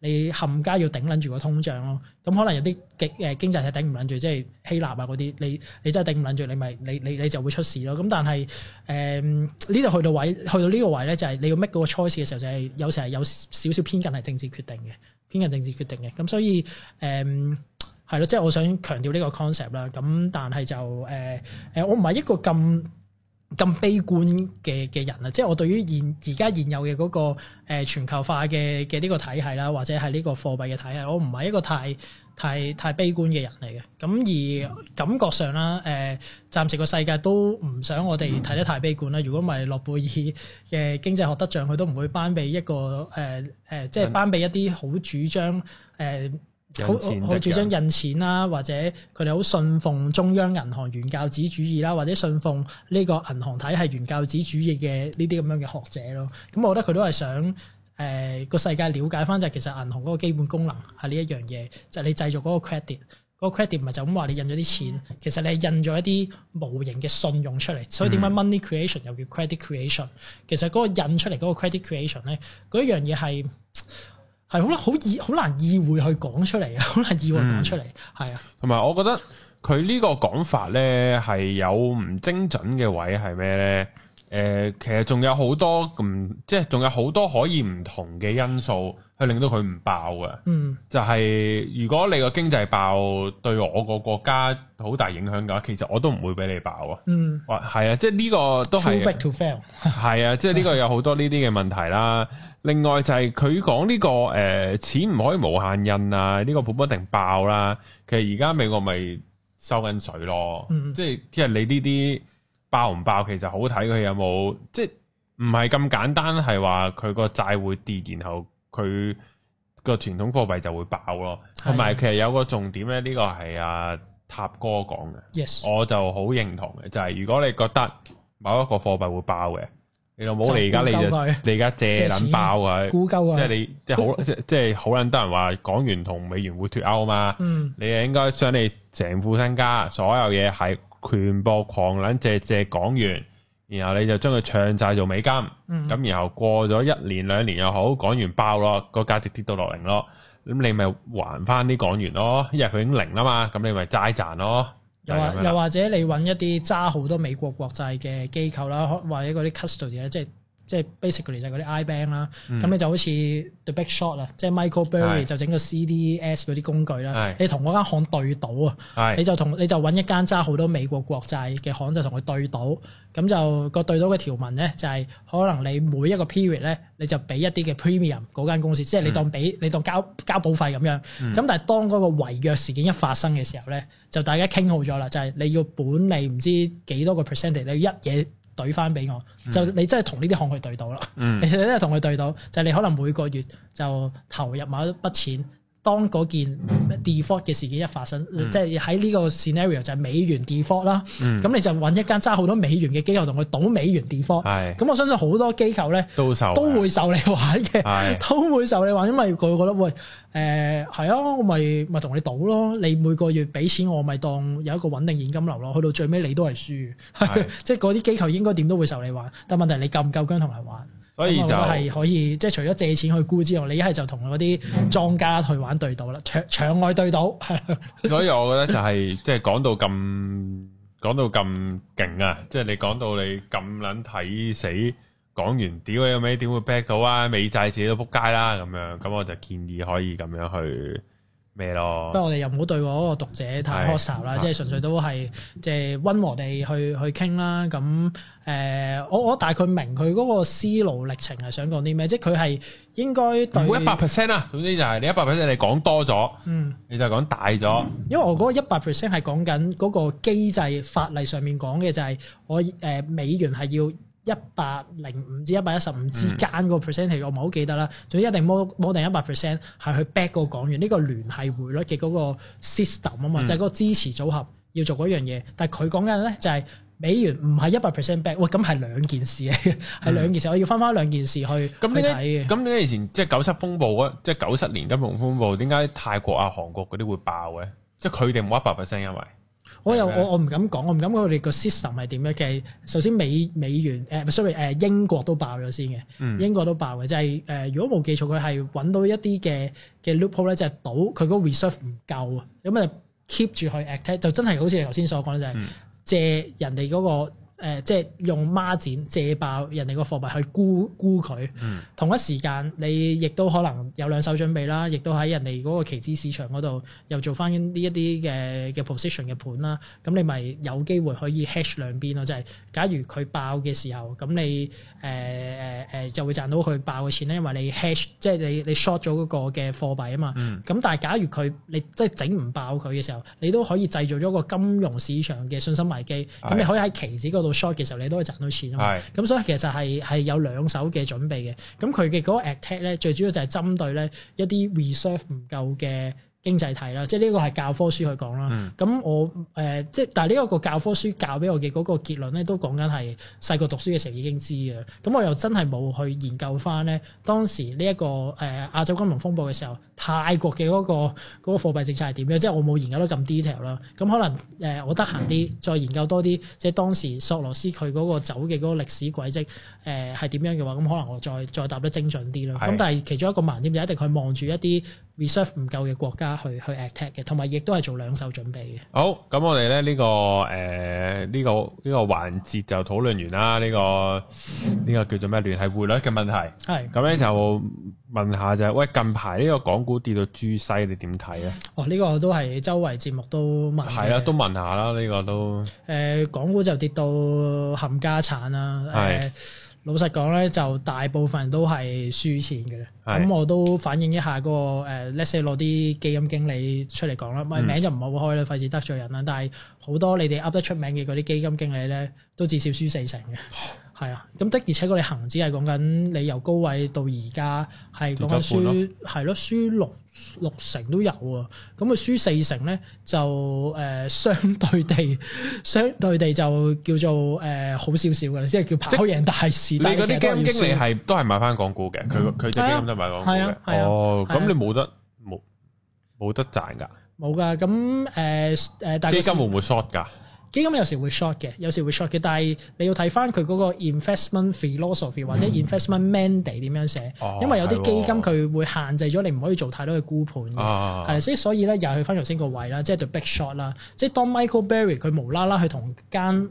B: 你冚家要頂撚住個通脹咯，咁、嗯、可能有啲極誒經濟係頂唔撚住，即係希臘啊嗰啲，你你真係頂唔撚住，你咪你你你就會出事咯。咁、嗯、但係誒呢度去到位，去到呢個位咧，就係、是、你要 make 嗰個 choice 嘅時候，就係、是、有時係有少少偏近係政治決定嘅，偏近政治決定嘅。咁、嗯、所以誒，係、嗯、咯，即係、就是、我想強調呢個 concept 啦。咁但係就誒誒、嗯，我唔係一個咁。咁悲觀嘅嘅人啊，即係我對於現而家現，現有嘅嗰、那個、呃、全球化嘅嘅呢個體系啦，或者係呢個貨幣嘅體系，我唔係一個太太太悲觀嘅人嚟嘅。咁而感覺上啦，誒、呃、暫時個世界都唔想我哋睇得太悲觀啦。如果唔係諾貝爾嘅經濟學得獎，佢都唔會頒俾一個誒誒、呃呃，即係頒俾一啲好主張誒。呃
A: 好好主張印
B: 錢啦，或者佢哋好信奉中央銀行原教旨主義啦，或者信奉呢個銀行體系原教旨主義嘅呢啲咁樣嘅學者咯。咁我覺得佢都係想誒個、呃、世界了解翻就係其實銀行嗰個基本功能係呢一樣嘢，就係、是、你製造嗰個 credit，嗰個 credit 唔係就咁話你印咗啲錢，其實你係印咗一啲無形嘅信用出嚟。所以點解 money creation 又叫 credit creation？其實嗰個印出嚟嗰個 credit creation 咧，嗰樣嘢係。係好難好意好難意會去講出嚟啊，好難意會講出嚟，係、嗯、
A: 啊。同埋我覺得佢呢個講法咧，係有唔精準嘅位係咩咧？誒、呃，其實仲有好多咁、嗯，即係仲有好多可以唔同嘅因素去令到佢唔爆嘅。嗯，就係如果你個經濟爆對我個國家好大影響嘅話，其實我都唔會俾你爆啊。嗯，哇，係啊，即係呢個都係，係 too big to fail 啊，即係呢個有好多呢啲嘅問題啦。 另外就係佢講呢個誒、呃、錢唔可以無限印啊，呢、這個泡沫一定爆啦、啊。其實而家美國咪收緊水咯，嗯、即係其實你呢啲爆唔爆其實好睇佢有冇，即係唔係咁簡單係話佢個債會跌，然後佢個傳統貨幣就會爆咯、啊。同埋其實有個重點咧，呢的個係阿、啊、塔哥講嘅，Yes. 我就好認同嘅，就係、是、如果你覺得某一個貨幣會爆嘅。你老母，你，而家你就，你而家借捻爆佢！即係你，即係好，即係即係好捻多人話港元同美元會脫鈎嘛。你係應該將你成副身家，所有嘢係全部狂捻借借港元，然後你就將佢唱晒做美金，咁然後過咗一年兩年又好，港元爆咯，個價值跌到落零咯，咁你咪還翻啲港元咯，因為佢已經零啦嘛，咁你咪齋賺咯。又或又或
B: 者你揾一啲揸好多美國國債嘅機構啦，或者嗰啲 custody 咧，即係。即係 basically 就嗰啲 I bank 啦、嗯，咁你就好似 The Big Short 啊是，即係 Michael Burry 就整個 CDS 嗰啲工具啦。是你同嗰間行對賭，是你就同你就揾一間揸好多美國國債嘅行就同佢對賭，咁就個對賭嘅條文咧就係、是、可能你每一個 period 咧你就俾一啲嘅 premium 嗰間公司，即係、嗯、你當俾你當交交保費咁樣。咁、嗯、但係當嗰個違約事件一發生嘅時候咧，就大家傾好咗啦，就係、是、你要本你唔知幾多個 percentage，你要一嘢。對翻俾我，嗯、就你真係同呢啲行去對賭啦，嗯、 你真係同佢對賭，就是、你可能每個月就投入某一筆錢。當嗰件 default 嘅事件一發生，嗯、即係喺呢個 scenario 就係美元 default 啦、嗯，咁你就揾一間揸好多美元嘅機構同佢賭美元 default，咁、嗯、我相信好多機構咧都會受都會受你玩嘅，嗯、都會受你玩，因為佢覺得喂誒係啊，我咪咪同你賭咯，你每個月俾錢我，咪當有一個穩定現金流咯，去到最尾你都係輸，嗯、 即係嗰啲機構應該點都會受你玩，但問題你夠唔夠姜同佢玩？所以就係可以，即係除咗借錢去估之外，你一係就同嗰啲莊家去玩對賭啦，場場外對賭。
A: 所以我覺得就係即係講到咁講到咁勁啊！即係你講到你咁撚睇死，講完屌你有咩點會 back 到啊？美債自己都撲街啦咁樣，咁我就建議可以咁樣去。咩咯？不過我哋
B: 又唔好對嗰個讀者太苛察啦，即係純粹都係即係溫和地去去傾啦。咁誒，我我大概明佢嗰個思路歷程係想講啲咩？即係佢係應該對一百
A: percent 啦。總之就係你一百 percent，你講多咗，嗯，你就係講大咗。
B: 因為我嗰個一百 percent 係講緊嗰個機制法例上面講嘅就係我誒美元係要。一百零五至一百一十五之間個 percent 係我唔係好記得啦。總之一定冇摸定一百 percent 係去 back 個港元呢、呢個聯繫匯率嘅嗰個 system 啊嘛、嗯，就係嗰個支持組合要做嗰樣嘢。但係佢講緊咧就係、是、美元唔係一百 percent back，哇！咁係兩件事嚟嘅，係、嗯、兩件事。我要分翻兩件事去、嗯、去你睇嘅。
A: 咁你以前即係九七風暴嗰，即係九七年金融風暴，點解泰國啊、韓國嗰啲會爆嘅？即係佢哋冇一百 percent，因為。
B: 我又我我唔敢講，我唔敢講佢哋個 system 係點樣嘅。首先美美元，誒、呃、sorry 誒英國都爆咗先嘅，嗯、英國都爆嘅，就係、是、誒、呃、如果冇記錯，佢係揾到一啲嘅嘅 loop hole 咧，就係賭佢個 reserve 唔夠啊，咁啊 keep 住去 attack，就真係好似你頭先所講就係借人哋嗰、那個。誒，嗯、即係用孖展借爆人哋個貨幣去沽沽佢，同一時間你亦都可能有兩手準備啦，亦都喺人哋嗰個期指市場嗰度又做翻呢一啲嘅嘅 position 嘅盤啦。咁你咪有機會可以 hedge 兩邊咯，就係假如佢爆嘅時候，咁你誒誒誒就會賺到佢爆嘅錢咧，因為你 hedge 即係你你 short 咗嗰個嘅貨幣啊嘛。咁但係假如佢你即係整唔爆佢嘅時候，你都可以製造咗個金融市場嘅信心危機，咁你可以喺期指度。到 short 嘅時候，你都可以賺到錢啊嘛。咁所以其實係係有兩手嘅準備嘅。咁佢嘅嗰個 attack 咧，最主要就係針對咧一啲 reserve 唔夠嘅。經濟體啦，即係呢個係教科書去講啦。咁、嗯、我誒即係，但係呢一個教科書教俾我嘅嗰個結論咧，都講緊係細個讀書嘅時候已經知嘅。咁我又真係冇去研究翻咧當時呢、這、一個誒、呃、亞洲金融風暴嘅時候，泰國嘅嗰、那個嗰、那個貨幣政策係點樣？即係我冇研究得咁 detail 啦。咁可能誒、呃、我得閒啲再研究多啲，即係當時索羅斯佢嗰個走嘅嗰個歷史軌跡誒係點樣嘅話，咁可能我再再答得精準啲啦。咁的但係其中一個盲點就一定佢望住一啲 Reserve 唔夠嘅國家去去 attack 嘅，同埋亦都係做兩手準備
A: 嘅。好，咁我哋咧呢個誒呢、呃這個呢、這個環節就討論完啦。呢、這個呢、這個叫做咩聯繫匯率嘅問題。係是。咁咧就問下就，喂，近排呢個港股跌到豬西，你點睇啊？
B: 哦，呢、這個都係周圍節目都問。係啊，都
A: 問下啦，呢、這個都。
B: 誒、呃，港股就跌到冚家鏟啦。係是。呃老實講咧，就大部分都係輸錢嘅咧。咁的我都反映一下嗰個誒，uh，let’s say 攞啲基金經理出嚟講啦。咪、嗯、名就唔好開啦，費事得罪人啦。但係好多你哋噏得出名嘅嗰啲基金經理咧，都至少輸四成嘅。 係啊，咁的而且確你恆指係講緊你由高位到而家係講緊輸，係咯，輸六六成都有啊。咁佢輸四成咧，就誒相對地，相對地就叫做誒好少少嘅，即係叫跑贏大市。但係嗰啲基金經理係
A: 都係買翻港股嘅，佢佢自己咁就買港股嘅。哦，咁你冇得冇冇得賺㗎？冇㗎。
B: 咁誒誒，基金會唔會 short 㗎？基金有時會 short 嘅，有時會 short 嘅，但係你要睇翻佢嗰個 investment philosophy 或者 investment mandate 點樣寫，嗯、因為有啲基金佢會限制咗你唔可以做太多嘅沽盤嘅，係、嗯，即所以咧又去翻頭先個位啦，即係對 big short 啦，即係當 Michael Burry 佢無啦啦去同間誒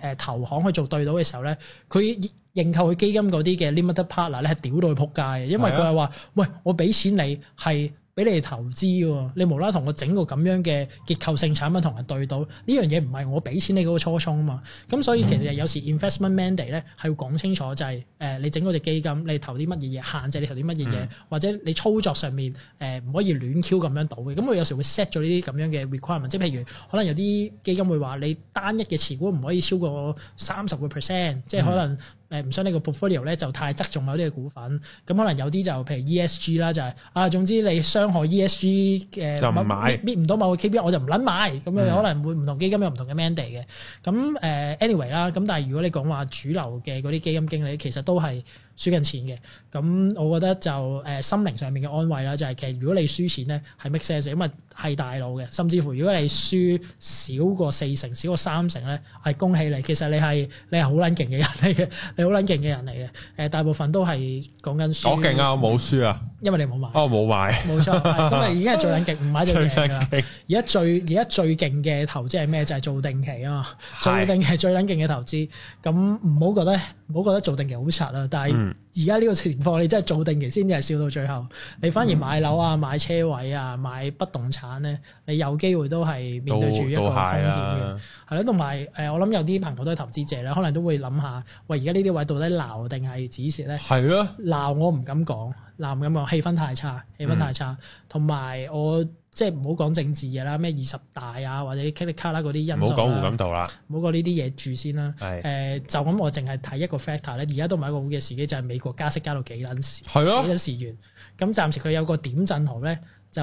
B: 誒投行去做對賭嘅時候咧，佢認購佢基金嗰啲嘅 limited partner 咧係屌到佢撲街嘅，因為佢係話喂我俾錢你係。俾你哋投資喎，你無啦同我整個咁樣嘅結構性產品同人對賭，呢樣嘢唔係我俾錢你嗰個初衷啊嘛，咁所以其實有時 investment mandate 咧係要講清楚就係、是、誒、呃、你整嗰隻基金，你投啲乜嘢嘢，限制你投啲乜嘢嘢，或者你操作上面誒唔、呃、可以亂 Q 咁樣賭嘅，咁我有時會 set 咗呢啲咁樣嘅 requirement，即係譬如可能有啲基金會話你單一嘅持股唔可以超過三十個 percent，即係可能。誒唔想你個 portfolio 咧就太側重某啲嘅股份，咁可能有啲就譬如 ESG 啦，就係、是、啊，總之你傷害 ESG 嘅、呃、就買 meet 唔到某個 KPI 我就唔撚買，咁樣可能會唔同基金有唔同嘅 mandate 嘅，咁誒、呃、anyway 啦，咁但係如果你講話主流嘅嗰啲基金經理，其實都係。輸緊錢嘅，咁我覺得就誒心靈上面嘅安慰啦，就係其實如果你輸錢咧係 make sense，因為係大腦嘅，甚至乎如果你輸少過四成、少過三成咧，係恭喜你，其實你係你係好撚勁嘅人嚟嘅，你好撚勁嘅人嚟嘅，誒大部分都係講緊輸。我勁啊，我冇輸啊，因為你
A: 冇買。哦，冇買，冇錯，咁你已經係最撚勁，唔買就贏啦。而
B: 家最而家最勁嘅投資係咩？就係做定期啊嘛，
A: 做定
B: 期最撚勁嘅投資，咁唔好覺得唔好覺得做定期好賊啊，但係。而家呢個情況，你真係做定期先至係笑到最後。你反而買樓啊、買車位啊、買不動產咧，你有機會都係面對住一個風險嘅。係咯，同埋誒，我諗有啲朋友都係投資者咧，可能都會諗下，喂，而家呢啲位到底鬧定係止蝕咧？係咯的，鬧我唔敢講，鬧唔敢講，氣氛太差，氣氛太差。同埋、嗯、我。即係唔好講政治嘢啦，咩二十大啊，或者 k e t i k 卡啦嗰啲因素啦、啊，唔好講胡錦濤啦，唔好講呢啲嘢住先啦、啊。誒是、呃，就咁我淨係睇一個 factor 咧，而家都唔係一個好嘅時機，就係、是、美國加息加到幾撚時，啊、幾撚時完。咁暫時佢有個點陣圖咧。就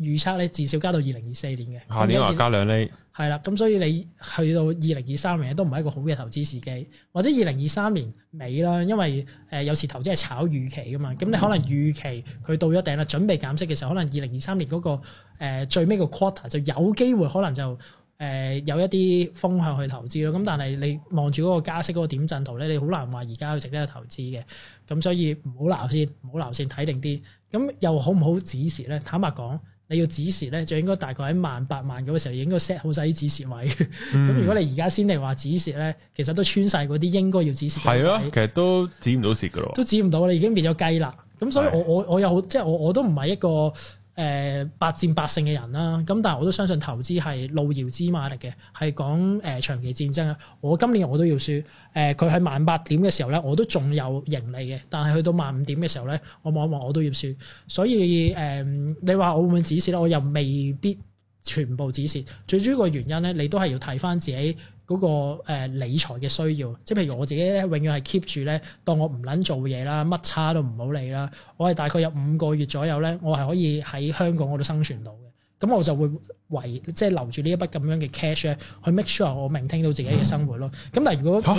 B: 預測咧，至少加到二零二四年嘅。下年話加
A: 兩厘。
B: 係啦，咁所以你去到二零二三年都唔係一個好嘅投資時機，或者二零二三年尾啦，因為誒有時投資係炒預期㗎嘛。咁你可能預期佢到咗頂啦，準備減息嘅時候，可能二零二三年嗰個誒最尾個 quarter 就有機會可能就。誒、呃，有一啲風向去投資咯，咁但係你望住嗰個加息嗰個點陣圖咧，你好難話而家去值得去投資嘅，咁所以唔好流先，唔好流先睇定啲，咁又好唔好止蝕咧？坦白講，你要止蝕咧，就應該大概喺萬八萬嗰個時候，應該 set 好晒啲止蝕位。咁、嗯、 如果你而家先嚟話止蝕咧，其實都穿晒嗰啲應該要止
A: 蝕。係咯，其實都止唔到蝕噶咯，都
B: 止唔到，你已經變咗雞啦。咁所以我的我我有好，即係我我都唔係一個。誒百、呃、戰百勝嘅人啦、啊，咁但係我都相信投資係路遙知馬力嘅，係講誒、呃、長期戰爭啊！我今年我都要輸，誒佢喺萬八點嘅時候咧，我都仲有盈利嘅，但係去到萬五點嘅時候咧，我望一望我都要輸，所以誒、呃、你話我會唔會止蝕咧？我又未必全部止蝕。最主要個原因咧，你都係要睇翻自己。嗰個，呃，理財嘅需要，即係譬如我自己咧，永遠係 keep 住咧，當我唔撚做嘢啦，乜叉都唔好理啦，我係大概有五個月左右咧，我係可以喺香港我都生存到嘅，咁我就會為即係留住呢一筆咁樣嘅 cash 咧，去 make sure 我聆聽到自己嘅生活咯。咁、嗯、但係如果嚇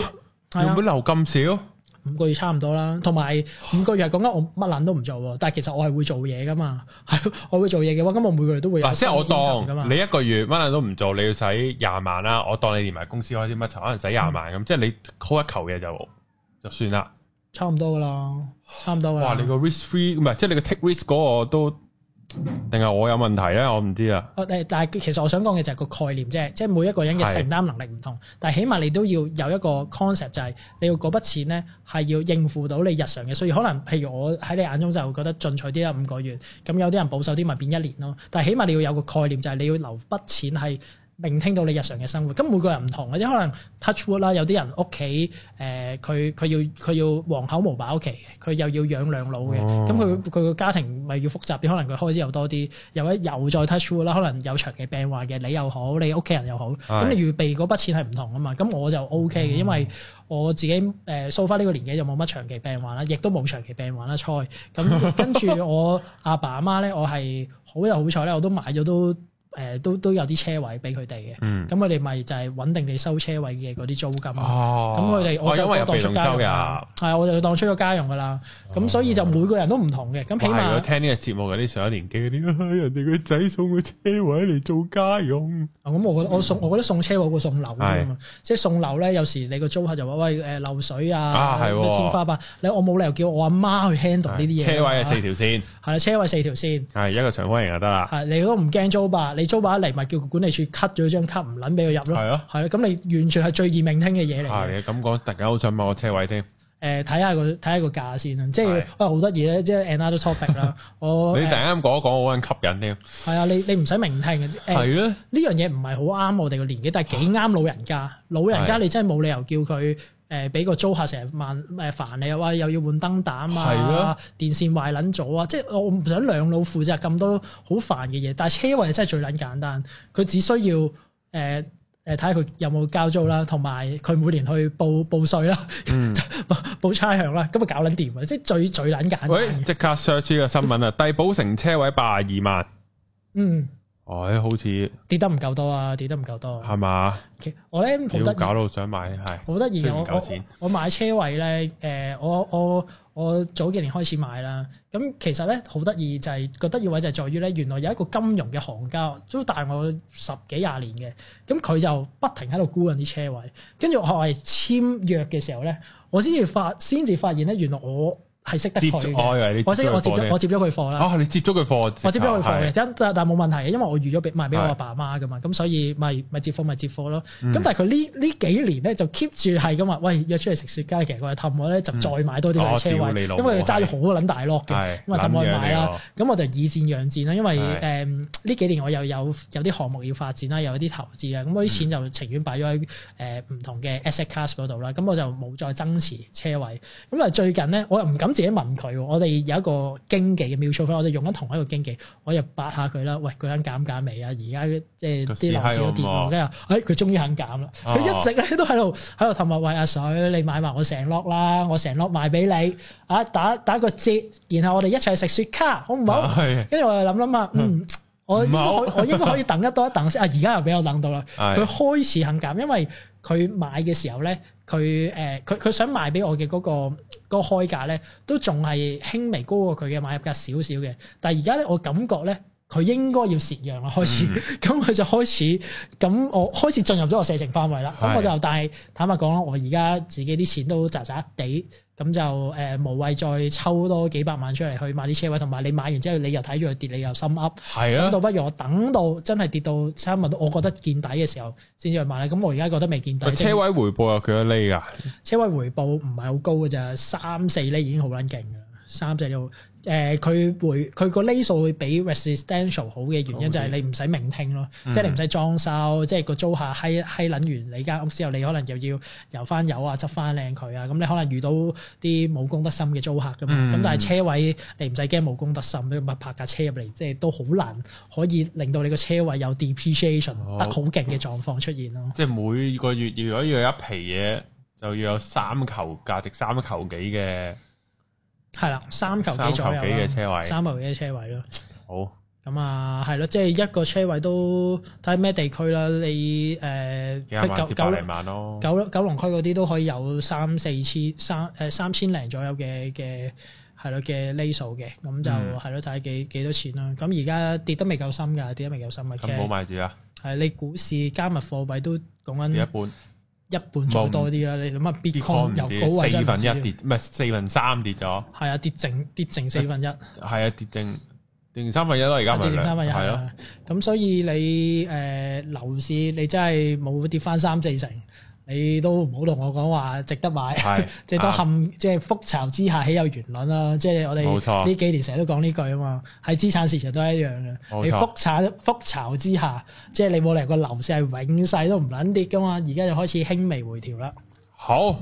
B: 用、啊啊、留咁少。五個月差唔多啦，同埋五個月係講緊我乜撚都唔做，但係其實我係會做嘢噶嘛，係 我會做嘢嘅話，咁我每個月都會嗱，即係我當你
A: 一個月乜撚都唔做，你要使廿萬啦、啊，我當你連埋公司開啲乜可能使廿萬咁，嗯、即係你 call 一球嘅就就算啦，差唔多噶啦，差唔多啦。哇！你個 risk free 唔係即係你個 take risk 嗰個都。定係我有問題咧，我唔知啊。
B: 誒、哦，但係其實我想講嘅就係個概念啫，即係每一個人嘅承擔能力唔同，是但係起碼你都要有一個 concept，就係你要嗰筆錢咧係要應付到你日常嘅所以可能譬如我喺你眼中就會覺得進取啲啦，五個月，咁有啲人保守啲咪變一年咯。但係起碼你要有個概念，就係你要留筆錢係。聆聽到你日常嘅生活，咁每個人唔同嘅，即可能 touch wood 啦。有啲人屋企誒，佢、呃、佢要佢要黃口無把屋企，佢又要養兩老嘅，咁佢佢個家庭咪要複雜啲。可能佢開支又多啲，又一又再 touch wood 啦。可能有長期病患嘅，你又好，你屋企人又好，咁你，是你預備嗰筆錢係唔同噶嘛。咁我就 O K 嘅，哦、因為我自己誒 so far 呢個年紀就冇乜長期病患啦，亦都冇長期病患啦。菜咁 跟住我阿爸阿媽咧，我係好有好彩咧，我都買咗都買。誒都都有啲車位俾佢哋嘅，咁佢哋咪就係穩定你收車位嘅嗰啲租金啊。咁佢哋我就當出家用㗎，我就當出咗家用㗎啦。咁所以就每個人都唔同嘅。咁起碼我聽
A: 呢個節目嗰啲上咗年紀嗰啲，人哋個仔送個車位嚟做家用。啊，咁
B: 我我送我覺得送車位過送樓㗎嘛。即係送樓咧，有時你個租客就話喂，誒漏水啊，天花板，你我冇理由叫我阿媽去 handle 呢啲嘢。車位係四條線，係啊，
A: 車位四條線，係一個長方形就得啦。
B: 係你都唔驚租吧？租把嚟咪叫管理處 cut 咗張卡唔捻俾佢入咯，係啊，
A: 係咯、啊，咁你完全係最易明聽嘅嘢嚟。係啊，咁講，突然間好想買個車位添。
B: 誒、欸，睇下個睇下個價先啊，即係啊，好得意咧，即係 another topic 啦 我。我你突然
A: 間講一講，好吸引添。
B: 係啊，你你唔使明聽嘅。係、欸、咧、呢、啊、樣嘢唔係好啱我哋個年紀，但係幾啱老人家。老人家你真係冇理由叫佢。誒俾個租客成日萬誒煩你，又話又要換燈膽啊，的電線壞撚咗啊！即係我唔想兩老負責咁多好煩嘅嘢，但係車位真係最撚簡單，佢只需要誒誒睇下佢有冇交租啦，同埋佢每年去報報稅啦，報、啊嗯、 報差餉啦、啊，咁咪搞撚掂即係最、嗯、最撚簡單。喂、哎，
A: 即刻上住個新聞啊！帝寶城車位八廿二萬。嗯。哦，欸、好似跌得唔夠多啊，跌得唔夠多，啊，係嘛吧？
B: 我咧好得意，搞到
A: 想買，係好得意。我
B: 我買車位咧，誒、呃，我我我，我早幾年開始買啦。咁其實咧好得意就係覺得要位就係在於咧，原來有一個金融嘅行家都大我十幾廿年嘅，咁佢就不停喺度沽緊啲車位，跟住我係簽約嘅時候咧，我先至發先至發現咧，原來我。係識得佢嘅，我識我接我接咗佢貨啦。啊，你
A: 接咗佢貨，我接咗佢貨嘅，
B: 但但冇問題嘅，因為我預咗俾賣俾我阿爸媽嘅嘛，咁所以咪咪接貨咪接貨咯。咁但係佢呢呢幾年咧就 keep 住係咁話，喂約出嚟食雪糕，其實佢係氹我咧就再買多啲嘅車位，因為我揸住好撚大攞嘅，因為氹我買啦。咁我就以戰養戰啦，因為誒呢幾年我又有有啲項目要發展啦，有啲投資啦，咁我啲錢就情願擺咗喺誒唔同嘅 asset class 嗰度啦。咁我就冇再增持車位。咁啊最近咧我又唔敢。自己問佢，我哋有一個經紀嘅妙錯分，我哋用緊同一個經紀，我就八下佢啦。喂，佢肯減減未啊？而家即係啲樓市都跌，呃、試試我跟住，哎，佢終於肯減啦。佢、哦、一直咧都喺度喺度氹我，喂阿水，你買埋我成 lock 啦，我成 lock 賣俾你，啊打打個折，然後我哋一齊食雪卡，好唔好？跟住、啊、我哋諗諗下，嗯。嗯。我應該可 我應該可以等得多一等先啊！而家又俾我等到啦。佢的開始肯減，因為佢買嘅時候咧，佢誒佢佢想賣俾我嘅嗰、那個嗰、那個、開價咧，都仲係輕微高過佢嘅買入價少少嘅。但係而家咧，我感覺咧，佢應該要蝕讓啦，開始咁佢、嗯、 就開始咁，我開始進入咗我射程範圍啦。咁的我就但係坦白講啦，我而家自己啲錢都渣渣地。咁就誒、呃、無謂再抽多幾百萬出嚟去買啲車位，同埋你買完之後你又睇住佢跌，你又心噏。係啊！倒不如我等到真係跌到差唔多我覺得見底嘅時候先至去買啦。咁我而家覺得未見底。車位
A: 回報有幾多厘㗎？
B: 車位回報唔係好高㗎咋，三四厘已經好撚勁啦，三四都。誒佢、呃、會佢個 lease 會比 residential 好嘅原因就係你唔使明聽咯，Okay. 即係你唔使裝修，即係個租客閪閪撚完你間屋之後，你可能又要油翻油啊，執翻靚佢啊，咁、嗯、你可能遇到啲冇公德心嘅租客噶嘛，咁 Okay. 但係車位你唔使驚冇公德心，你咪泊架車入嚟，即係都好難可以令到你個車位有 depreciation、oh. 得好勁嘅狀況出現咯。
A: 即係每個月如果要有一皮嘢，就要有三球價值三球幾嘅。
B: 係啦，三球幾左右三球幾嘅車位，三球幾嘅
A: 車位
B: 咯。好。咁啊、嗯，係咯，即係一個車位都睇咩地區啦。你誒，九九萬咯，九九龍區嗰啲都可以有三四千三誒、呃、三千零左右嘅嘅係咯嘅呎數嘅。咁就係咯，睇幾幾多錢啦。咁而家跌得未夠深噶，跌得未夠深嘅。咁唔好買住啊。係，你股市加密貨幣都講緊一半。一半仲多啲啦，沒你諗下 Bitcoin 跤由高位真係四分一跌，
A: 唔係四分三跌咗。係啊，跌剩跌剩四分一。係啊，跌成跌成三分一咯，啊，而家跌成三分一，係啊，咁、
B: 啊啊、所以你誒、呃、樓市你真係冇跌翻三四成。你都唔好同我講話值得買，即係多冚，即係覆巢之下，豈有完卵啦！即係我哋呢幾年成日都講呢句啊嘛，喺資產市場都係一樣嘅。你覆產覆巢之下，即係你冇理由個樓市係永世都唔撚跌㗎嘛，而家就開始輕微回調啦。
A: 好，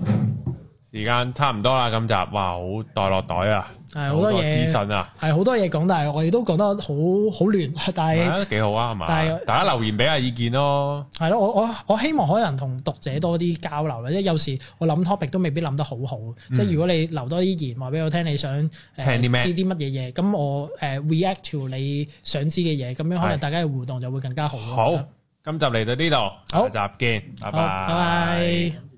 A: 時間差唔多啦，今集哇，好袋落袋啊！係好多資訊啊，
B: 係好多嘢講，但係我哋都講得好好亂。但係、啊，幾
A: 好啊，係嘛？是大家留言俾下意見咯。
B: 係咯，我我我希望可能同讀者多啲交流啦，即係有時我諗 topic 都未必諗得好好。嗯、即係如果你留多啲言話俾我聽，你想、呃、聽啲咩？知啲乜嘢嘢？咁我誒、呃、react to 你想知嘅嘢，咁樣可能大家嘅互動就會更加好。的好，
A: 今集嚟到呢度，下集見，好拜拜。